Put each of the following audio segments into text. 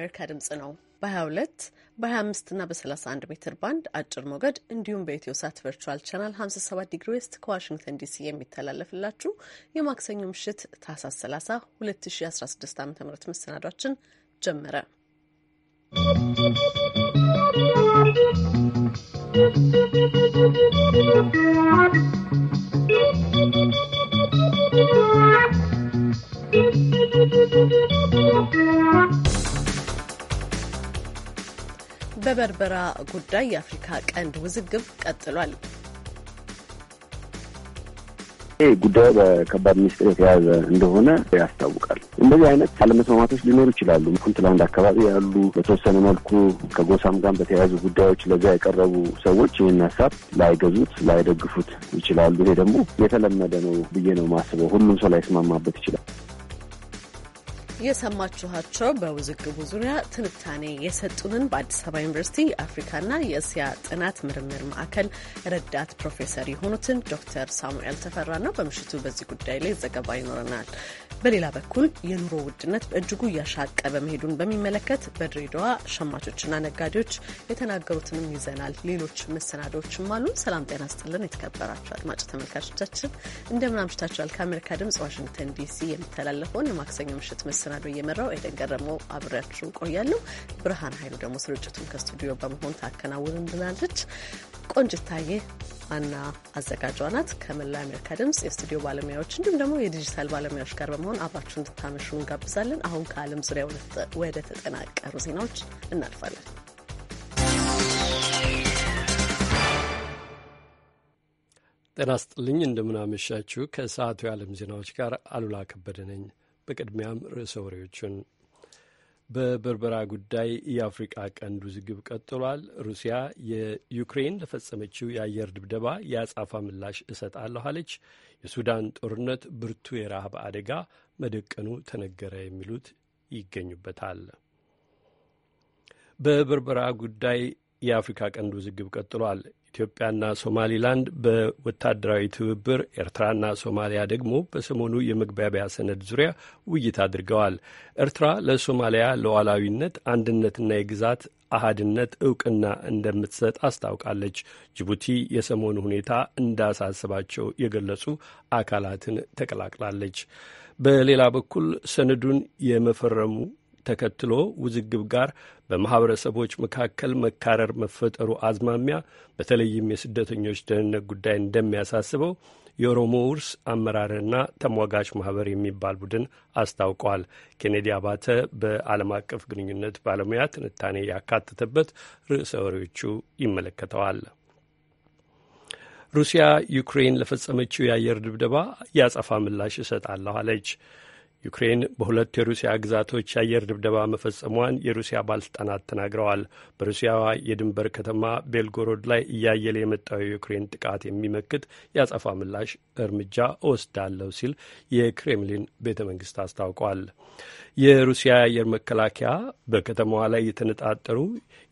የአሜሪካ ድምጽ ነው። በ22 በ25 እና በ31 ሜትር ባንድ አጭር ሞገድ እንዲሁም በኢትዮ ሳት ቨርቹዋል ቻናል 57 ዲግሪ ዌስት ከዋሽንግተን ዲሲ የሚተላለፍላችሁ የማክሰኞ ምሽት ታህሳስ 30 2016 ዓ ም መሰናዷችን ጀመረ። ¶¶ በበርበራ ጉዳይ የአፍሪካ ቀንድ ውዝግብ ቀጥሏል። ይህ ጉዳዩ በከባድ ሚኒስትር የተያዘ እንደሆነ ያስታውቃል። እንደዚህ አይነት አለመስማማቶች ሊኖሩ ይችላሉ። ፑንትላንድ አካባቢ ያሉ በተወሰነ መልኩ ከጎሳም ጋር በተያያዙ ጉዳዮች ለዚያ የቀረቡ ሰዎች ይህን ሀሳብ ላይገዙት፣ ላይደግፉት ይችላሉ። ይሄ ደግሞ የተለመደ ነው ብዬ ነው ማስበው። ሁሉም ሰው ላይስማማበት ይችላል። የሰማችኋቸው በውዝግቡ ዙሪያ ትንታኔ የሰጡንን በአዲስ አበባ ዩኒቨርሲቲ የአፍሪካና የእስያ ጥናት ምርምር ማዕከል ረዳት ፕሮፌሰር የሆኑትን ዶክተር ሳሙኤል ተፈራ ነው። በምሽቱ በዚህ ጉዳይ ላይ ዘገባ ይኖረናል። በሌላ በኩል የኑሮ ውድነት በእጅጉ እያሻቀበ መሄዱን በሚመለከት በድሬዳዋ ሸማቾችና ነጋዴዎች የተናገሩትንም ይዘናል። ሌሎች መሰናዶዎችም አሉ ሰላም ጤና ስጥልን። የተከበራቸው አድማጭ ተመልካቾቻችን እንደምን አምሽታችኋል? ከአሜሪካ ድምጽ ዋሽንግተን ዲሲ የሚተላለፈውን የማክሰኞ ምሽት መሰ መሰናዶ እየመራው ኤደን ገረመው አብሬያችሁ ቆያለሁ። ብርሃን ኃይሉ ደግሞ ስርጭቱን ከስቱዲዮ በመሆን ታከናውንልናለች። ቆንጅታዬ ዋና አዘጋጇ ናት። ከመላ አሜሪካ ድምጽ የስቱዲዮ ባለሙያዎች እንዲሁም ደግሞ የዲጂታል ባለሙያዎች ጋር በመሆን አብራችሁ እንድታመሹ እንጋብዛለን። አሁን ከዓለም ዙሪያ ወደ ተጠናቀሩ ዜናዎች እናልፋለን። ጤና ስጥልኝ፣ እንደምናመሻችሁ። ከሰዓቱ የዓለም ዜናዎች ጋር አሉላ ከበደ ነኝ። በቅድሚያም ርዕሰ ወሬዎቹን በበርበራ ጉዳይ የአፍሪቃ ቀንድ ውዝግብ ቀጥሏል። ሩሲያ የዩክሬን ለፈጸመችው የአየር ድብደባ የአጻፋ ምላሽ እሰጣለሁ አለች። የሱዳን ጦርነት ብርቱ የረሃብ አደጋ መደቀኑ ተነገረ። የሚሉት ይገኙበታል። በበርበራ ጉዳይ የአፍሪካ ቀንድ ውዝግብ ቀጥሏል። ኢትዮጵያና ሶማሊላንድ በወታደራዊ ትብብር፣ ኤርትራና ሶማሊያ ደግሞ በሰሞኑ የመግባቢያ ሰነድ ዙሪያ ውይይት አድርገዋል። ኤርትራ ለሶማሊያ ሉዓላዊነት አንድነትና የግዛት አሃድነት እውቅና እንደምትሰጥ አስታውቃለች። ጅቡቲ የሰሞኑ ሁኔታ እንዳሳስባቸው የገለጹ አካላትን ተቀላቅላለች። በሌላ በኩል ሰነዱን የመፈረሙ ተከትሎ ውዝግብ ጋር በማኅበረሰቦች መካከል መካረር መፈጠሩ አዝማሚያ በተለይም የስደተኞች ደህንነት ጉዳይ እንደሚያሳስበው የኦሮሞ ውርስ አመራርና ተሟጋች ማህበር የሚባል ቡድን አስታውቋል። ኬኔዲ አባተ በዓለም አቀፍ ግንኙነት ባለሙያ ትንታኔ ያካተተበት ርዕሰ ወሬዎቹ ይመለከተዋል። ሩሲያ ዩክሬን ለፈጸመችው የአየር ድብደባ ያጸፋ ምላሽ እሰጣለሁ አለች። ዩክሬን በሁለት የሩሲያ ግዛቶች የአየር ድብደባ መፈጸሟን የሩሲያ ባለሥልጣናት ተናግረዋል። በሩሲያዋ የድንበር ከተማ ቤልጎሮድ ላይ እያየለ የመጣው የዩክሬን ጥቃት የሚመክት የአጸፋ ምላሽ እርምጃ እወስዳለሁ ሲል የክሬምሊን ቤተ መንግስት አስታውቋል። የሩሲያ የአየር መከላከያ በከተማዋ ላይ የተነጣጠሩ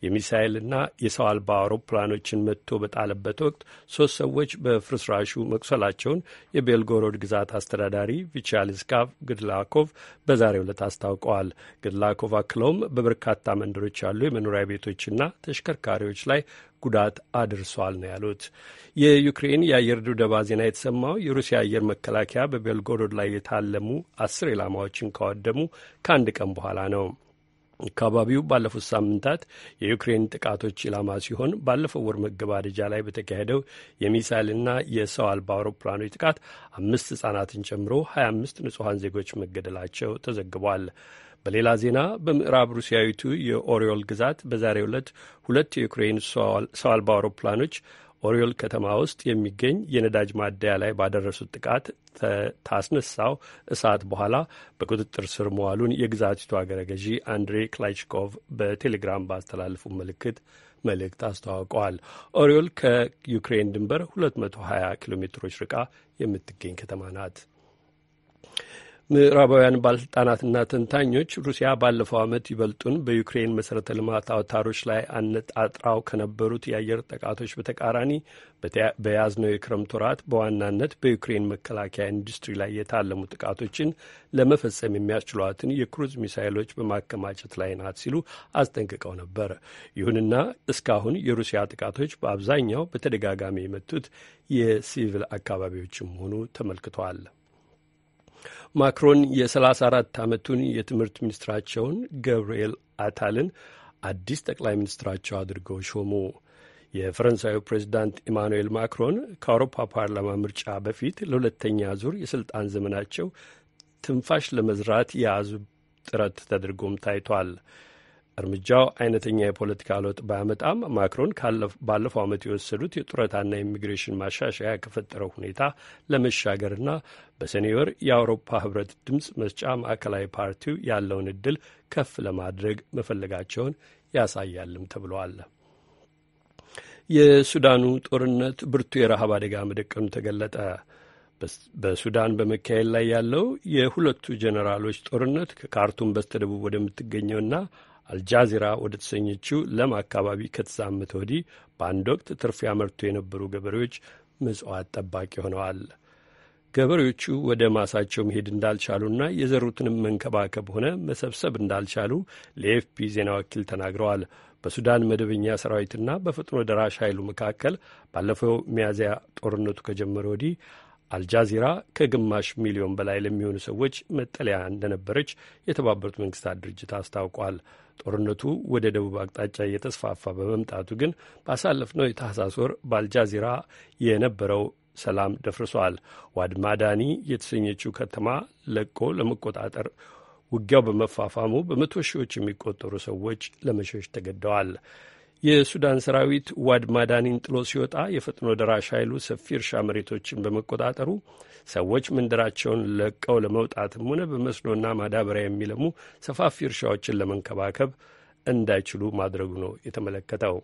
የሚሳይልና የሰው አልባ አውሮፕላኖችን መጥቶ በጣለበት ወቅት ሶስት ሰዎች በፍርስራሹ መቁሰላቸውን የቤልጎሮድ ግዛት አስተዳዳሪ ቪቻሊስካቭ ግድላ ግድላኮቭ በዛሬው ዕለት አስታውቀዋል። ግድላኮቭ አክለውም በበርካታ መንደሮች ያሉ የመኖሪያ ቤቶችና ተሽከርካሪዎች ላይ ጉዳት አድርሷል ነው ያሉት። የዩክሬን የአየር ድብደባ ዜና የተሰማው የሩሲያ አየር መከላከያ በቤልጎሮድ ላይ የታለሙ አስር ኢላማዎችን ካወደሙ ከአንድ ቀን በኋላ ነው። አካባቢው ባለፉት ሳምንታት የዩክሬን ጥቃቶች ኢላማ ሲሆን ባለፈው ወር መገባደጃ ላይ በተካሄደው የሚሳይልና የሰው አልባ አውሮፕላኖች ጥቃት አምስት ህጻናትን ጨምሮ 25 ንጹሐን ዜጎች መገደላቸው ተዘግቧል። በሌላ ዜና በምዕራብ ሩሲያዊቱ የኦሪዮል ግዛት በዛሬው ዕለት ሁለት የዩክሬን ሰው አልባ አውሮፕላኖች ኦሪዮል ከተማ ውስጥ የሚገኝ የነዳጅ ማደያ ላይ ባደረሱት ጥቃት ታስነሳው እሳት በኋላ በቁጥጥር ስር መዋሉን የግዛቲቱ አገረ ገዢ አንድሬ ክላይችኮቭ በቴሌግራም ባስተላለፉ ምልክት መልእክት አስተዋውቀዋል። ኦሪዮል ከዩክሬን ድንበር 220 ኪሎ ሜትሮች ርቃ የምትገኝ ከተማ ናት። ምዕራባውያን ባለሥልጣናትና ተንታኞች ሩሲያ ባለፈው ዓመት ይበልጡን በዩክሬን መሠረተ ልማት አውታሮች ላይ አነጣጥራው ከነበሩት የአየር ጥቃቶች በተቃራኒ በያዝነው የክረምት ወራት በዋናነት በዩክሬን መከላከያ ኢንዱስትሪ ላይ የታለሙ ጥቃቶችን ለመፈጸም የሚያስችሏትን የክሩዝ ሚሳይሎች በማከማቸት ላይ ናት ሲሉ አስጠንቅቀው ነበር። ይሁንና እስካሁን የሩሲያ ጥቃቶች በአብዛኛው በተደጋጋሚ የመቱት የሲቪል አካባቢዎችም መሆኑ ተመልክተዋል። ማክሮን የ34 ዓመቱን የትምህርት ሚኒስትራቸውን ገብርኤል አታልን አዲስ ጠቅላይ ሚኒስትራቸው አድርገው ሾሙ። የፈረንሳዩ ፕሬዚዳንት ኢማኑኤል ማክሮን ከአውሮፓ ፓርላማ ምርጫ በፊት ለሁለተኛ ዙር የስልጣን ዘመናቸው ትንፋሽ ለመዝራት የያዙ ጥረት ተደርጎም ታይቷል። እርምጃው አይነተኛ የፖለቲካ ለውጥ ባያመጣም ማክሮን ባለፈው ዓመት የወሰዱት የጡረታና የኢሚግሬሽን ማሻሻያ ከፈጠረው ሁኔታ ለመሻገርና በሰኔ ወር የአውሮፓ ህብረት ድምፅ መስጫ ማዕከላዊ ፓርቲው ያለውን እድል ከፍ ለማድረግ መፈለጋቸውን ያሳያልም ተብሏል። የሱዳኑ ጦርነት ብርቱ የረሃብ አደጋ መደቀኑ ተገለጠ። በሱዳን በመካሄድ ላይ ያለው የሁለቱ ጀኔራሎች ጦርነት ከካርቱም በስተደቡብ ወደምትገኘውና አልጃዚራ ወደ ተሰኘችው ለም አካባቢ ከተዛመተ ወዲህ በአንድ ወቅት ትርፍ ያመርቱ የነበሩ ገበሬዎች ምጽዋት ጠባቂ ሆነዋል። ገበሬዎቹ ወደ ማሳቸው መሄድ እንዳልቻሉና የዘሩትንም መንከባከብ ሆነ መሰብሰብ እንዳልቻሉ ለኤፍፒ ዜና ወኪል ተናግረዋል። በሱዳን መደበኛ ሰራዊትና በፈጥኖ ደራሽ ኃይሉ መካከል ባለፈው ሚያዝያ ጦርነቱ ከጀመረ ወዲህ አልጃዚራ ከግማሽ ሚሊዮን በላይ ለሚሆኑ ሰዎች መጠለያ እንደነበረች የተባበሩት መንግስታት ድርጅት አስታውቋል። ጦርነቱ ወደ ደቡብ አቅጣጫ እየተስፋፋ በመምጣቱ ግን ባሳለፍነው የታህሳስ ወር በአልጃዚራ የነበረው ሰላም ደፍርሷል። ዋድማዳኒ የተሰኘችው ከተማ ለቆ ለመቆጣጠር ውጊያው በመፋፋሙ በመቶ ሺዎች የሚቆጠሩ ሰዎች ለመሸሽ ተገደዋል። የሱዳን ሰራዊት ዋድ ማዳኒን ጥሎ ሲወጣ የፈጥኖ ደራሽ ኃይሉ ሰፊ እርሻ መሬቶችን በመቆጣጠሩ ሰዎች መንደራቸውን ለቀው ለመውጣትም ሆነ በመስኖና ማዳበሪያ የሚለሙ ሰፋፊ እርሻዎችን ለመንከባከብ እንዳይችሉ ማድረጉ ነው የተመለከተው።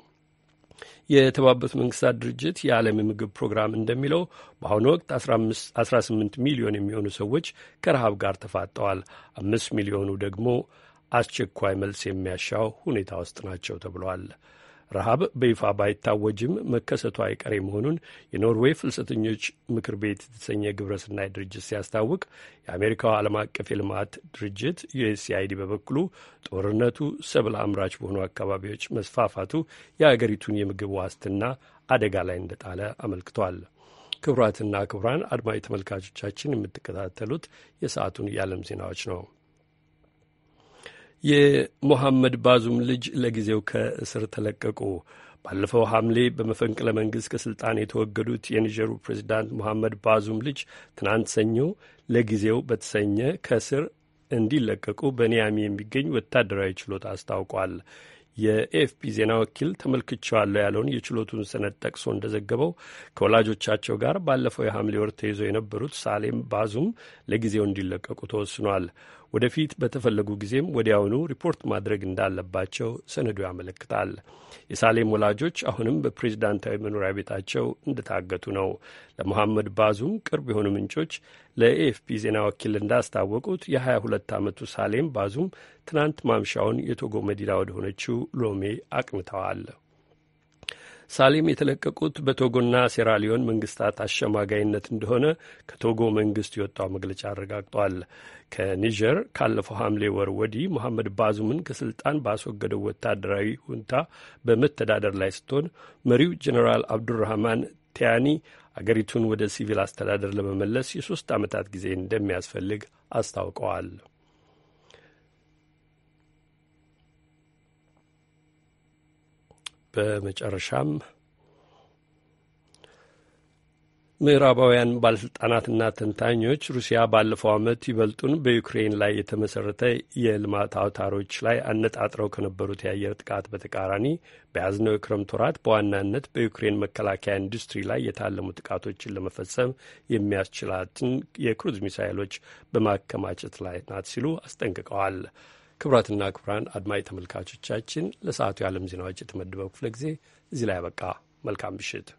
የተባበሩት መንግስታት ድርጅት የዓለም የምግብ ፕሮግራም እንደሚለው በአሁኑ ወቅት 18 ሚሊዮን የሚሆኑ ሰዎች ከረሃብ ጋር ተፋጠዋል። አምስት ሚሊዮኑ ደግሞ አስቸኳይ መልስ የሚያሻው ሁኔታ ውስጥ ናቸው ተብሏል። ረሃብ በይፋ ባይታወጅም መከሰቱ አይቀሬ መሆኑን የኖርዌይ ፍልሰተኞች ምክር ቤት የተሰኘ ግብረስናይ ድርጅት ሲያስታውቅ፣ የአሜሪካው ዓለም አቀፍ የልማት ድርጅት ዩኤስአይዲ በበኩሉ ጦርነቱ ሰብል አምራች በሆኑ አካባቢዎች መስፋፋቱ የአገሪቱን የምግብ ዋስትና አደጋ ላይ እንደጣለ አመልክቷል። ክቡራትና ክቡራን አድማጭ ተመልካቾቻችን የምትከታተሉት የሰዓቱን የዓለም ዜናዎች ነው። የሞሐመድ ባዙም ልጅ ለጊዜው ከእስር ተለቀቁ። ባለፈው ሐምሌ በመፈንቅለ መንግሥት ከስልጣን የተወገዱት የኒጀሩ ፕሬዚዳንት ሞሐመድ ባዙም ልጅ ትናንት ሰኞ ለጊዜው በተሰኘ ከእስር እንዲለቀቁ በኒያሚ የሚገኝ ወታደራዊ ችሎት አስታውቋል። የኤኤፍፒ ዜና ወኪል ተመልክቸዋለሁ ያለውን የችሎቱን ሰነድ ጠቅሶ እንደዘገበው ከወላጆቻቸው ጋር ባለፈው የሐምሌ ወር ተይዘው የነበሩት ሳሌም ባዙም ለጊዜው እንዲለቀቁ ተወስኗል። ወደፊት በተፈለጉ ጊዜም ወዲያውኑ ሪፖርት ማድረግ እንዳለባቸው ሰነዱ ያመለክታል። የሳሌም ወላጆች አሁንም በፕሬዝዳንታዊ መኖሪያ ቤታቸው እንደታገቱ ነው። ለመሐመድ ባዙም ቅርብ የሆኑ ምንጮች ለኤኤፍፒ ዜና ወኪል እንዳስታወቁት የ22 ዓመቱ ሳሌም ባዙም ትናንት ማምሻውን የቶጎ መዲና ወደሆነችው ሎሜ አቅንተዋል። ሳሌም የተለቀቁት በቶጎና ሴራሊዮን መንግስታት አሸማጋይነት እንደሆነ ከቶጎ መንግስት የወጣው መግለጫ አረጋግጧል። ከኒጀር ካለፈው ሐምሌ ወር ወዲህ መሐመድ ባዙምን ከስልጣን ባስወገደው ወታደራዊ ሁንታ በመተዳደር ላይ ስትሆን መሪው ጀኔራል አብዱራህማን ቲያኒ አገሪቱን ወደ ሲቪል አስተዳደር ለመመለስ የሶስት ዓመታት ጊዜ እንደሚያስፈልግ አስታውቀዋል። በመጨረሻም ምዕራባውያን ባለሥልጣናትና ተንታኞች ሩሲያ ባለፈው ዓመት ይበልጡን በዩክሬን ላይ የተመሠረተ የልማት አውታሮች ላይ አነጣጥረው ከነበሩት የአየር ጥቃት በተቃራኒ በያዝነው የክረምት ወራት በዋናነት በዩክሬን መከላከያ ኢንዱስትሪ ላይ የታለሙ ጥቃቶችን ለመፈጸም የሚያስችላትን የክሩዝ ሚሳይሎች በማከማቸት ላይ ናት ሲሉ አስጠንቅቀዋል። ክቡራትና ክቡራን አድማጭ ተመልካቾቻችን ለሰዓቱ የዓለም ዜናዎች የተመደበው ክፍለ ጊዜ እዚህ ላይ ያበቃ። መልካም ምሽት።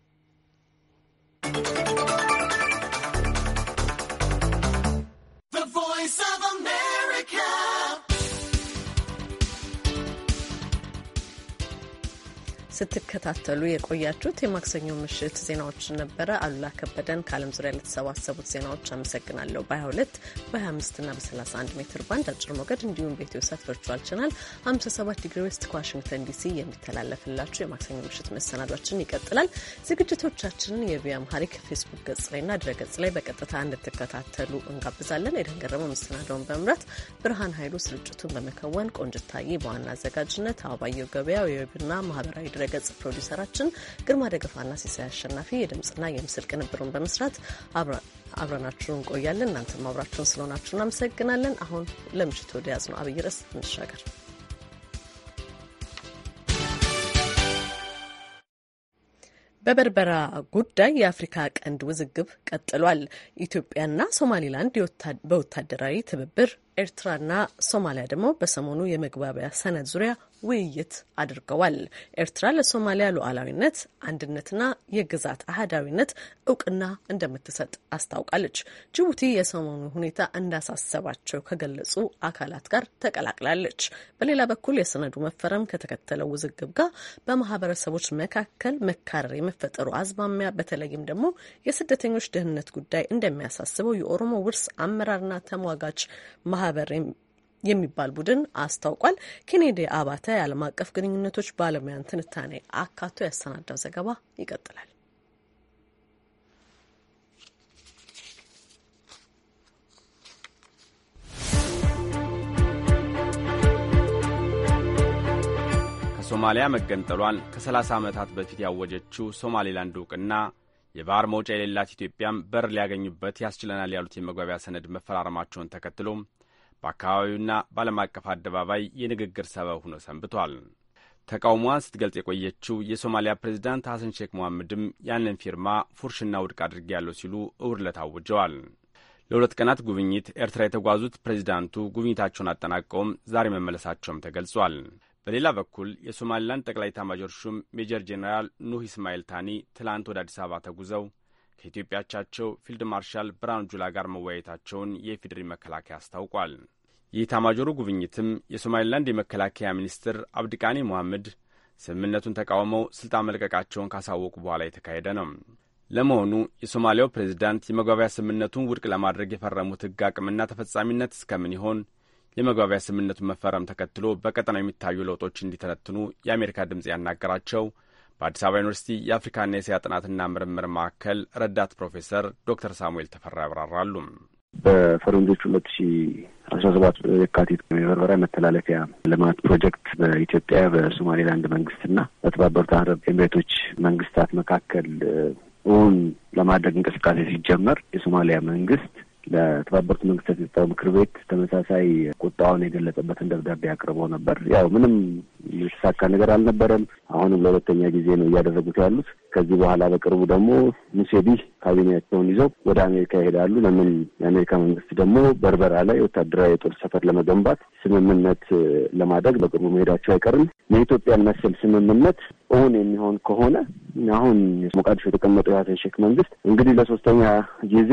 ስትከታተሉ የቆያችሁት የማክሰኞ ምሽት ዜናዎች ነበረ። አሉላ ከበደን ከዓለም ዙሪያ ለተሰባሰቡት ዜናዎች አመሰግናለሁ። በ22 በ25 እና በ31 ሜትር ባንድ አጭር ሞገድ እንዲሁም በኢትዮ ሳት ቨርቹዋል ቻናል 57 ዲግሪ ዌስት ከዋሽንግተን ዲሲ የሚተላለፍላችሁ የማክሰኞ ምሽት መሰናዷችን ይቀጥላል። ዝግጅቶቻችንን የቪኦኤ አምሃሪክ ፌስቡክ ገጽ ላይና ድረ ገጽ ላይ በቀጥታ እንድትከታተሉ እንጋብዛለን። ኤደን ገረመው መሰናዳውን በመምራት ብርሃን ኃይሉ ስርጭቱን በመከወን ቆንጅታዬ በዋና አዘጋጅነት አበባየው ገበያው የዌብና ማህበራዊ ድረ ድረገጽ ፕሮዲውሰራችን ግርማ ደገፋና ሲሳይ አሸናፊ የድምፅና የምስል ቅንብሩን በመስራት አብረናችሁን እንቆያለን። እናንተም አብራችሁን ስለሆናችሁ እናመሰግናለን። አሁን ለምሽቱ ወደ ያዝነው አብይ ርዕስ እንሻገር። በበርበራ ጉዳይ የአፍሪካ ቀንድ ውዝግብ ቀጥሏል። ኢትዮጵያና ሶማሊላንድ በወታደራዊ ትብብር ኤርትራና ሶማሊያ ደግሞ በሰሞኑ የመግባቢያ ሰነድ ዙሪያ ውይይት አድርገዋል። ኤርትራ ለሶማሊያ ሉዓላዊነት፣ አንድነትና የግዛት አህዳዊነት እውቅና እንደምትሰጥ አስታውቃለች። ጅቡቲ የሰሞኑ ሁኔታ እንዳሳሰባቸው ከገለጹ አካላት ጋር ተቀላቅላለች። በሌላ በኩል የሰነዱ መፈረም ከተከተለው ውዝግብ ጋር በማህበረሰቦች መካከል መካረር የመፈጠሩ አዝማሚያ በተለይም ደግሞ የስደተኞች ደህንነት ጉዳይ እንደሚያሳስበው የኦሮሞ ውርስ አመራርና ተሟጋች ማህበር የሚባል ቡድን አስታውቋል። ኬኔዲ አባተ የዓለም አቀፍ ግንኙነቶች ባለሙያን ትንታኔ አካቶ ያሰናዳው ዘገባ ይቀጥላል። ከሶማሊያ መገንጠሏን ከ30 ዓመታት በፊት ያወጀችው ሶማሌላንድ እውቅና የባህር መውጫ የሌላት ኢትዮጵያም በር ሊያገኙበት ያስችለናል ያሉት የመግባቢያ ሰነድ መፈራረማቸውን ተከትሎም በአካባቢውና በዓለም አቀፍ አደባባይ የንግግር ሰበብ ሆኖ ሰንብቷል። ተቃውሟን ስትገልጽ የቆየችው የሶማሊያ ፕሬዚዳንት ሐሰን ሼክ መሐመድም ያንን ፊርማ ፉርሽና ውድቅ አድርጌ ያለው ሲሉ እሁድ ዕለት አውጀዋል። ለሁለት ቀናት ጉብኝት ኤርትራ የተጓዙት ፕሬዚዳንቱ ጉብኝታቸውን አጠናቀውም ዛሬ መመለሳቸውም ተገልጿል። በሌላ በኩል የሶማሊላንድ ጠቅላይ ኤታማዦር ሹም ሜጀር ጄኔራል ኑህ ኢስማኤል ታኒ ትላንት ወደ አዲስ አበባ ተጉዘው ከኢትዮጵያቻቸው ፊልድ ማርሻል ብርሃኑ ጁላ ጋር መወያየታቸውን የኢፌዴሪ መከላከያ አስታውቋል። የኢታማጆሩ ጉብኝትም የሶማሌላንድ የመከላከያ ሚኒስትር አብድቃኒ ሞሐመድ ስምምነቱን ተቃውመው ስልጣን መልቀቃቸውን ካሳወቁ በኋላ የተካሄደ ነው። ለመሆኑ የሶማሊያው ፕሬዚዳንት የመግባቢያ ስምምነቱን ውድቅ ለማድረግ የፈረሙት ሕግ አቅምና ተፈጻሚነት እስከምን ይሆን? የመግባቢያ ስምምነቱን መፈረም ተከትሎ በቀጠናው የሚታዩ ለውጦች እንዲተነትኑ የአሜሪካ ድምፅ ያናገራቸው በአዲስ አበባ ዩኒቨርሲቲ የአፍሪካና የእስያ ጥናትና ምርምር ማዕከል ረዳት ፕሮፌሰር ዶክተር ሳሙኤል ተፈራ ያብራራሉ። በፈረንጆች ሁለት ሺ አስራ ሰባት የካቲት የበርበራ መተላለፊያ ልማት ፕሮጀክት በኢትዮጵያ በሶማሌላንድ መንግስትና በተባበሩት አረብ ኤምሬቶች መንግስታት መካከል እውን ለማድረግ እንቅስቃሴ ሲጀመር የሶማሊያ መንግስት ለተባበሩት መንግስታት የጸጥታው ምክር ቤት ተመሳሳይ ቁጣውን የገለጸበትን ደብዳቤ አቅርቦ ነበር። ያው ምንም የተሳካ ነገር አልነበረም። አሁንም ለሁለተኛ ጊዜ ነው እያደረጉት ያሉት። ከዚህ በኋላ በቅርቡ ደግሞ ሙሴቢ ካቢኔያቸውን ይዘው ወደ አሜሪካ ይሄዳሉ። ለምን የአሜሪካ መንግስት ደግሞ በርበራ ላይ ወታደራዊ የጦር ሰፈር ለመገንባት ስምምነት ለማድረግ በቅርቡ መሄዳቸው አይቀርም። የኢትዮጵያን መሰል ስምምነት እውን የሚሆን ከሆነ አሁን ሞቃዲሾ የተቀመጠው የሀሰን ሼክ መንግስት እንግዲህ ለሶስተኛ ጊዜ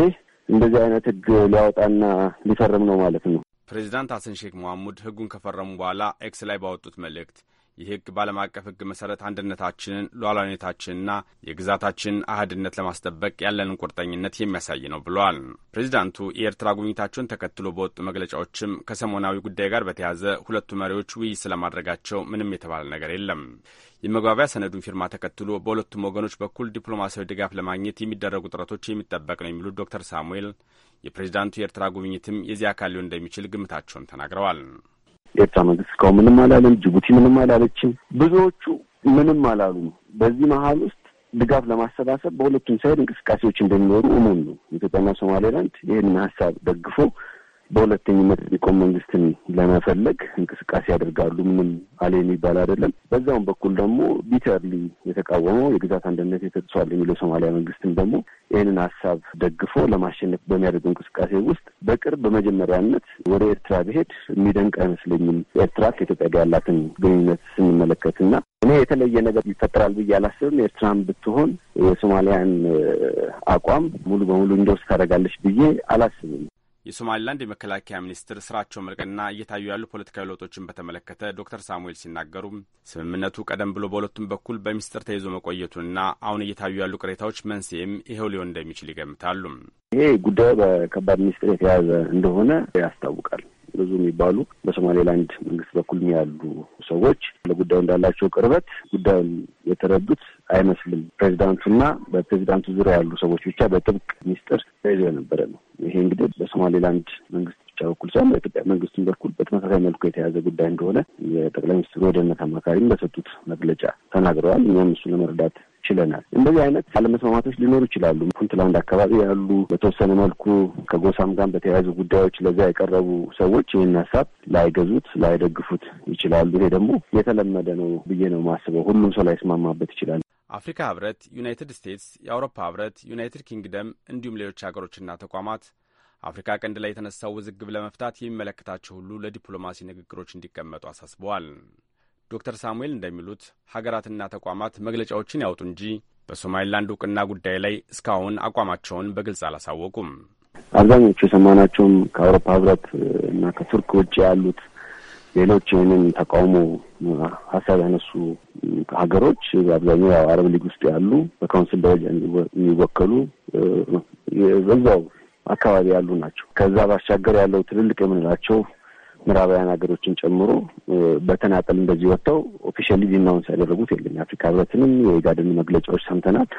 እንደዚህ አይነት ህግ ሊያወጣና ሊፈርም ነው ማለት ነው። ፕሬዚዳንት ሀሰን ሼክ መሐሙድ ህጉን ከፈረሙ በኋላ ኤክስ ላይ ባወጡት መልእክት ይህ ህግ በዓለም አቀፍ ህግ መሠረት አንድነታችንን ሉዓላዊነታችንና የግዛታችንን አህድነት ለማስጠበቅ ያለንን ቁርጠኝነት የሚያሳይ ነው ብለዋል። ፕሬዚዳንቱ የኤርትራ ጉብኝታቸውን ተከትሎ በወጡ መግለጫዎችም ከሰሞናዊ ጉዳይ ጋር በተያያዘ ሁለቱ መሪዎች ውይይት ስለማድረጋቸው ምንም የተባለ ነገር የለም። የመግባቢያ ሰነዱን ፊርማ ተከትሎ በሁለቱም ወገኖች በኩል ዲፕሎማሲያዊ ድጋፍ ለማግኘት የሚደረጉ ጥረቶች የሚጠበቅ ነው የሚሉት ዶክተር ሳሙኤል የፕሬዚዳንቱ የኤርትራ ጉብኝትም የዚህ አካል ሊሆን እንደሚችል ግምታቸውን ተናግረዋል። የኤርትራ መንግስት እስካሁን ምንም አላለም። ጅቡቲ ምንም አላለችም። ብዙዎቹ ምንም አላሉም። በዚህ መሀል ውስጥ ድጋፍ ለማሰባሰብ በሁለቱም ሳይድ እንቅስቃሴዎች እንደሚኖሩ እሙን ነው። ኢትዮጵያና ሶማሌላንድ ይህንን ሀሳብ ደግፎ በሁለተኝነት ሊቆም መንግስትን ለመፈለግ እንቅስቃሴ ያደርጋሉ። ምንም አለ የሚባል አይደለም። በዛውም በኩል ደግሞ ቢተርሊ የተቃወመው የግዛት አንድነት የተጥሷል የሚለው ሶማሊያ መንግስትም ደግሞ ይህንን ሀሳብ ደግፎ ለማሸነፍ በሚያደርገው እንቅስቃሴ ውስጥ በቅርብ በመጀመሪያነት ወደ ኤርትራ ብሄድ የሚደንቅ አይመስለኝም። ኤርትራ ከኢትዮጵያ ጋር ያላትን ግንኙነት ስንመለከት እና እኔ የተለየ ነገር ይፈጠራል ብዬ አላስብም። ኤርትራን ብትሆን የሶማሊያን አቋም ሙሉ በሙሉ እንዶርስ ታደርጋለች ብዬ አላስብም። የሶማሊላንድ የመከላከያ ሚኒስትር ስራቸው መልቀቅና እየታዩ ያሉ ፖለቲካዊ ለውጦችን በተመለከተ ዶክተር ሳሙኤል ሲናገሩ ስምምነቱ ቀደም ብሎ በሁለቱም በኩል በሚስጥር ተይዞ መቆየቱንና አሁን እየታዩ ያሉ ቅሬታዎች መንስኤም ይኸው ሊሆን እንደሚችል ይገምታሉ። ይሄ ጉዳዩ በከባድ ሚስጥር የተያዘ እንደሆነ ያስታውቃል። ብዙ የሚባሉ በሶማሌላንድ መንግስት በኩል ያሉ ሰዎች ለጉዳዩ እንዳላቸው ቅርበት ጉዳዩን የተረዱት አይመስልም። ፕሬዚዳንቱና በፕሬዚዳንቱ ዙሪያ ያሉ ሰዎች ብቻ በጥብቅ ሚስጥር ተይዞ የነበረ ነው። ይሄ እንግዲህ በሶማሌላንድ መንግስት ብቻ በኩል ሳይሆን በኢትዮጵያ መንግስትም በኩል በተመሳሳይ መልኩ የተያዘ ጉዳይ እንደሆነ የጠቅላይ ሚኒስትሩ የደህንነት አማካሪም በሰጡት መግለጫ ተናግረዋል። እኛም እሱ ለመረዳት ችለናል። እንደዚህ አይነት አለመስማማቶች ሊኖሩ ይችላሉ። ፑንትላንድ አካባቢ ያሉ በተወሰነ መልኩ ከጎሳም ጋር በተያያዙ ጉዳዮች ለዚያ የቀረቡ ሰዎች ይህን ሀሳብ ላይገዙት፣ ላይደግፉት ይችላሉ። ይሄ ደግሞ የተለመደ ነው ብዬ ነው ማስበው። ሁሉም ሰው ላይስማማበት ይችላል። አፍሪካ ህብረት፣ ዩናይትድ ስቴትስ፣ የአውሮፓ ህብረት፣ ዩናይትድ ኪንግደም እንዲሁም ሌሎች ሀገሮችና ተቋማት አፍሪካ ቀንድ ላይ የተነሳው ውዝግብ ለመፍታት የሚመለከታቸው ሁሉ ለዲፕሎማሲ ንግግሮች እንዲቀመጡ አሳስበዋል። ዶክተር ሳሙኤል እንደሚሉት ሀገራትና ተቋማት መግለጫዎችን ያውጡ እንጂ በሶማሌላንድ እውቅና ጉዳይ ላይ እስካሁን አቋማቸውን በግልጽ አላሳወቁም። አብዛኞቹ የሰማናቸውም ከአውሮፓ ህብረት እና ከቱርክ ውጭ ያሉት ሌሎች ይህንን ተቃውሞ ሀሳብ ያነሱ ሀገሮች አብዛኛው ያው አረብ ሊግ ውስጥ ያሉ በካውንስል ደረጃ የሚወከሉ በዛው አካባቢ ያሉ ናቸው። ከዛ ባሻገር ያለው ትልልቅ የምንላቸው ምዕራባውያን ሀገሮችን ጨምሮ በተናጠል እንደዚህ ወጥተው ኦፊሻሊ ዲናውንስ ያደረጉት የለም። የአፍሪካ ህብረትንም የኢጋድን መግለጫዎች ሰምተናል።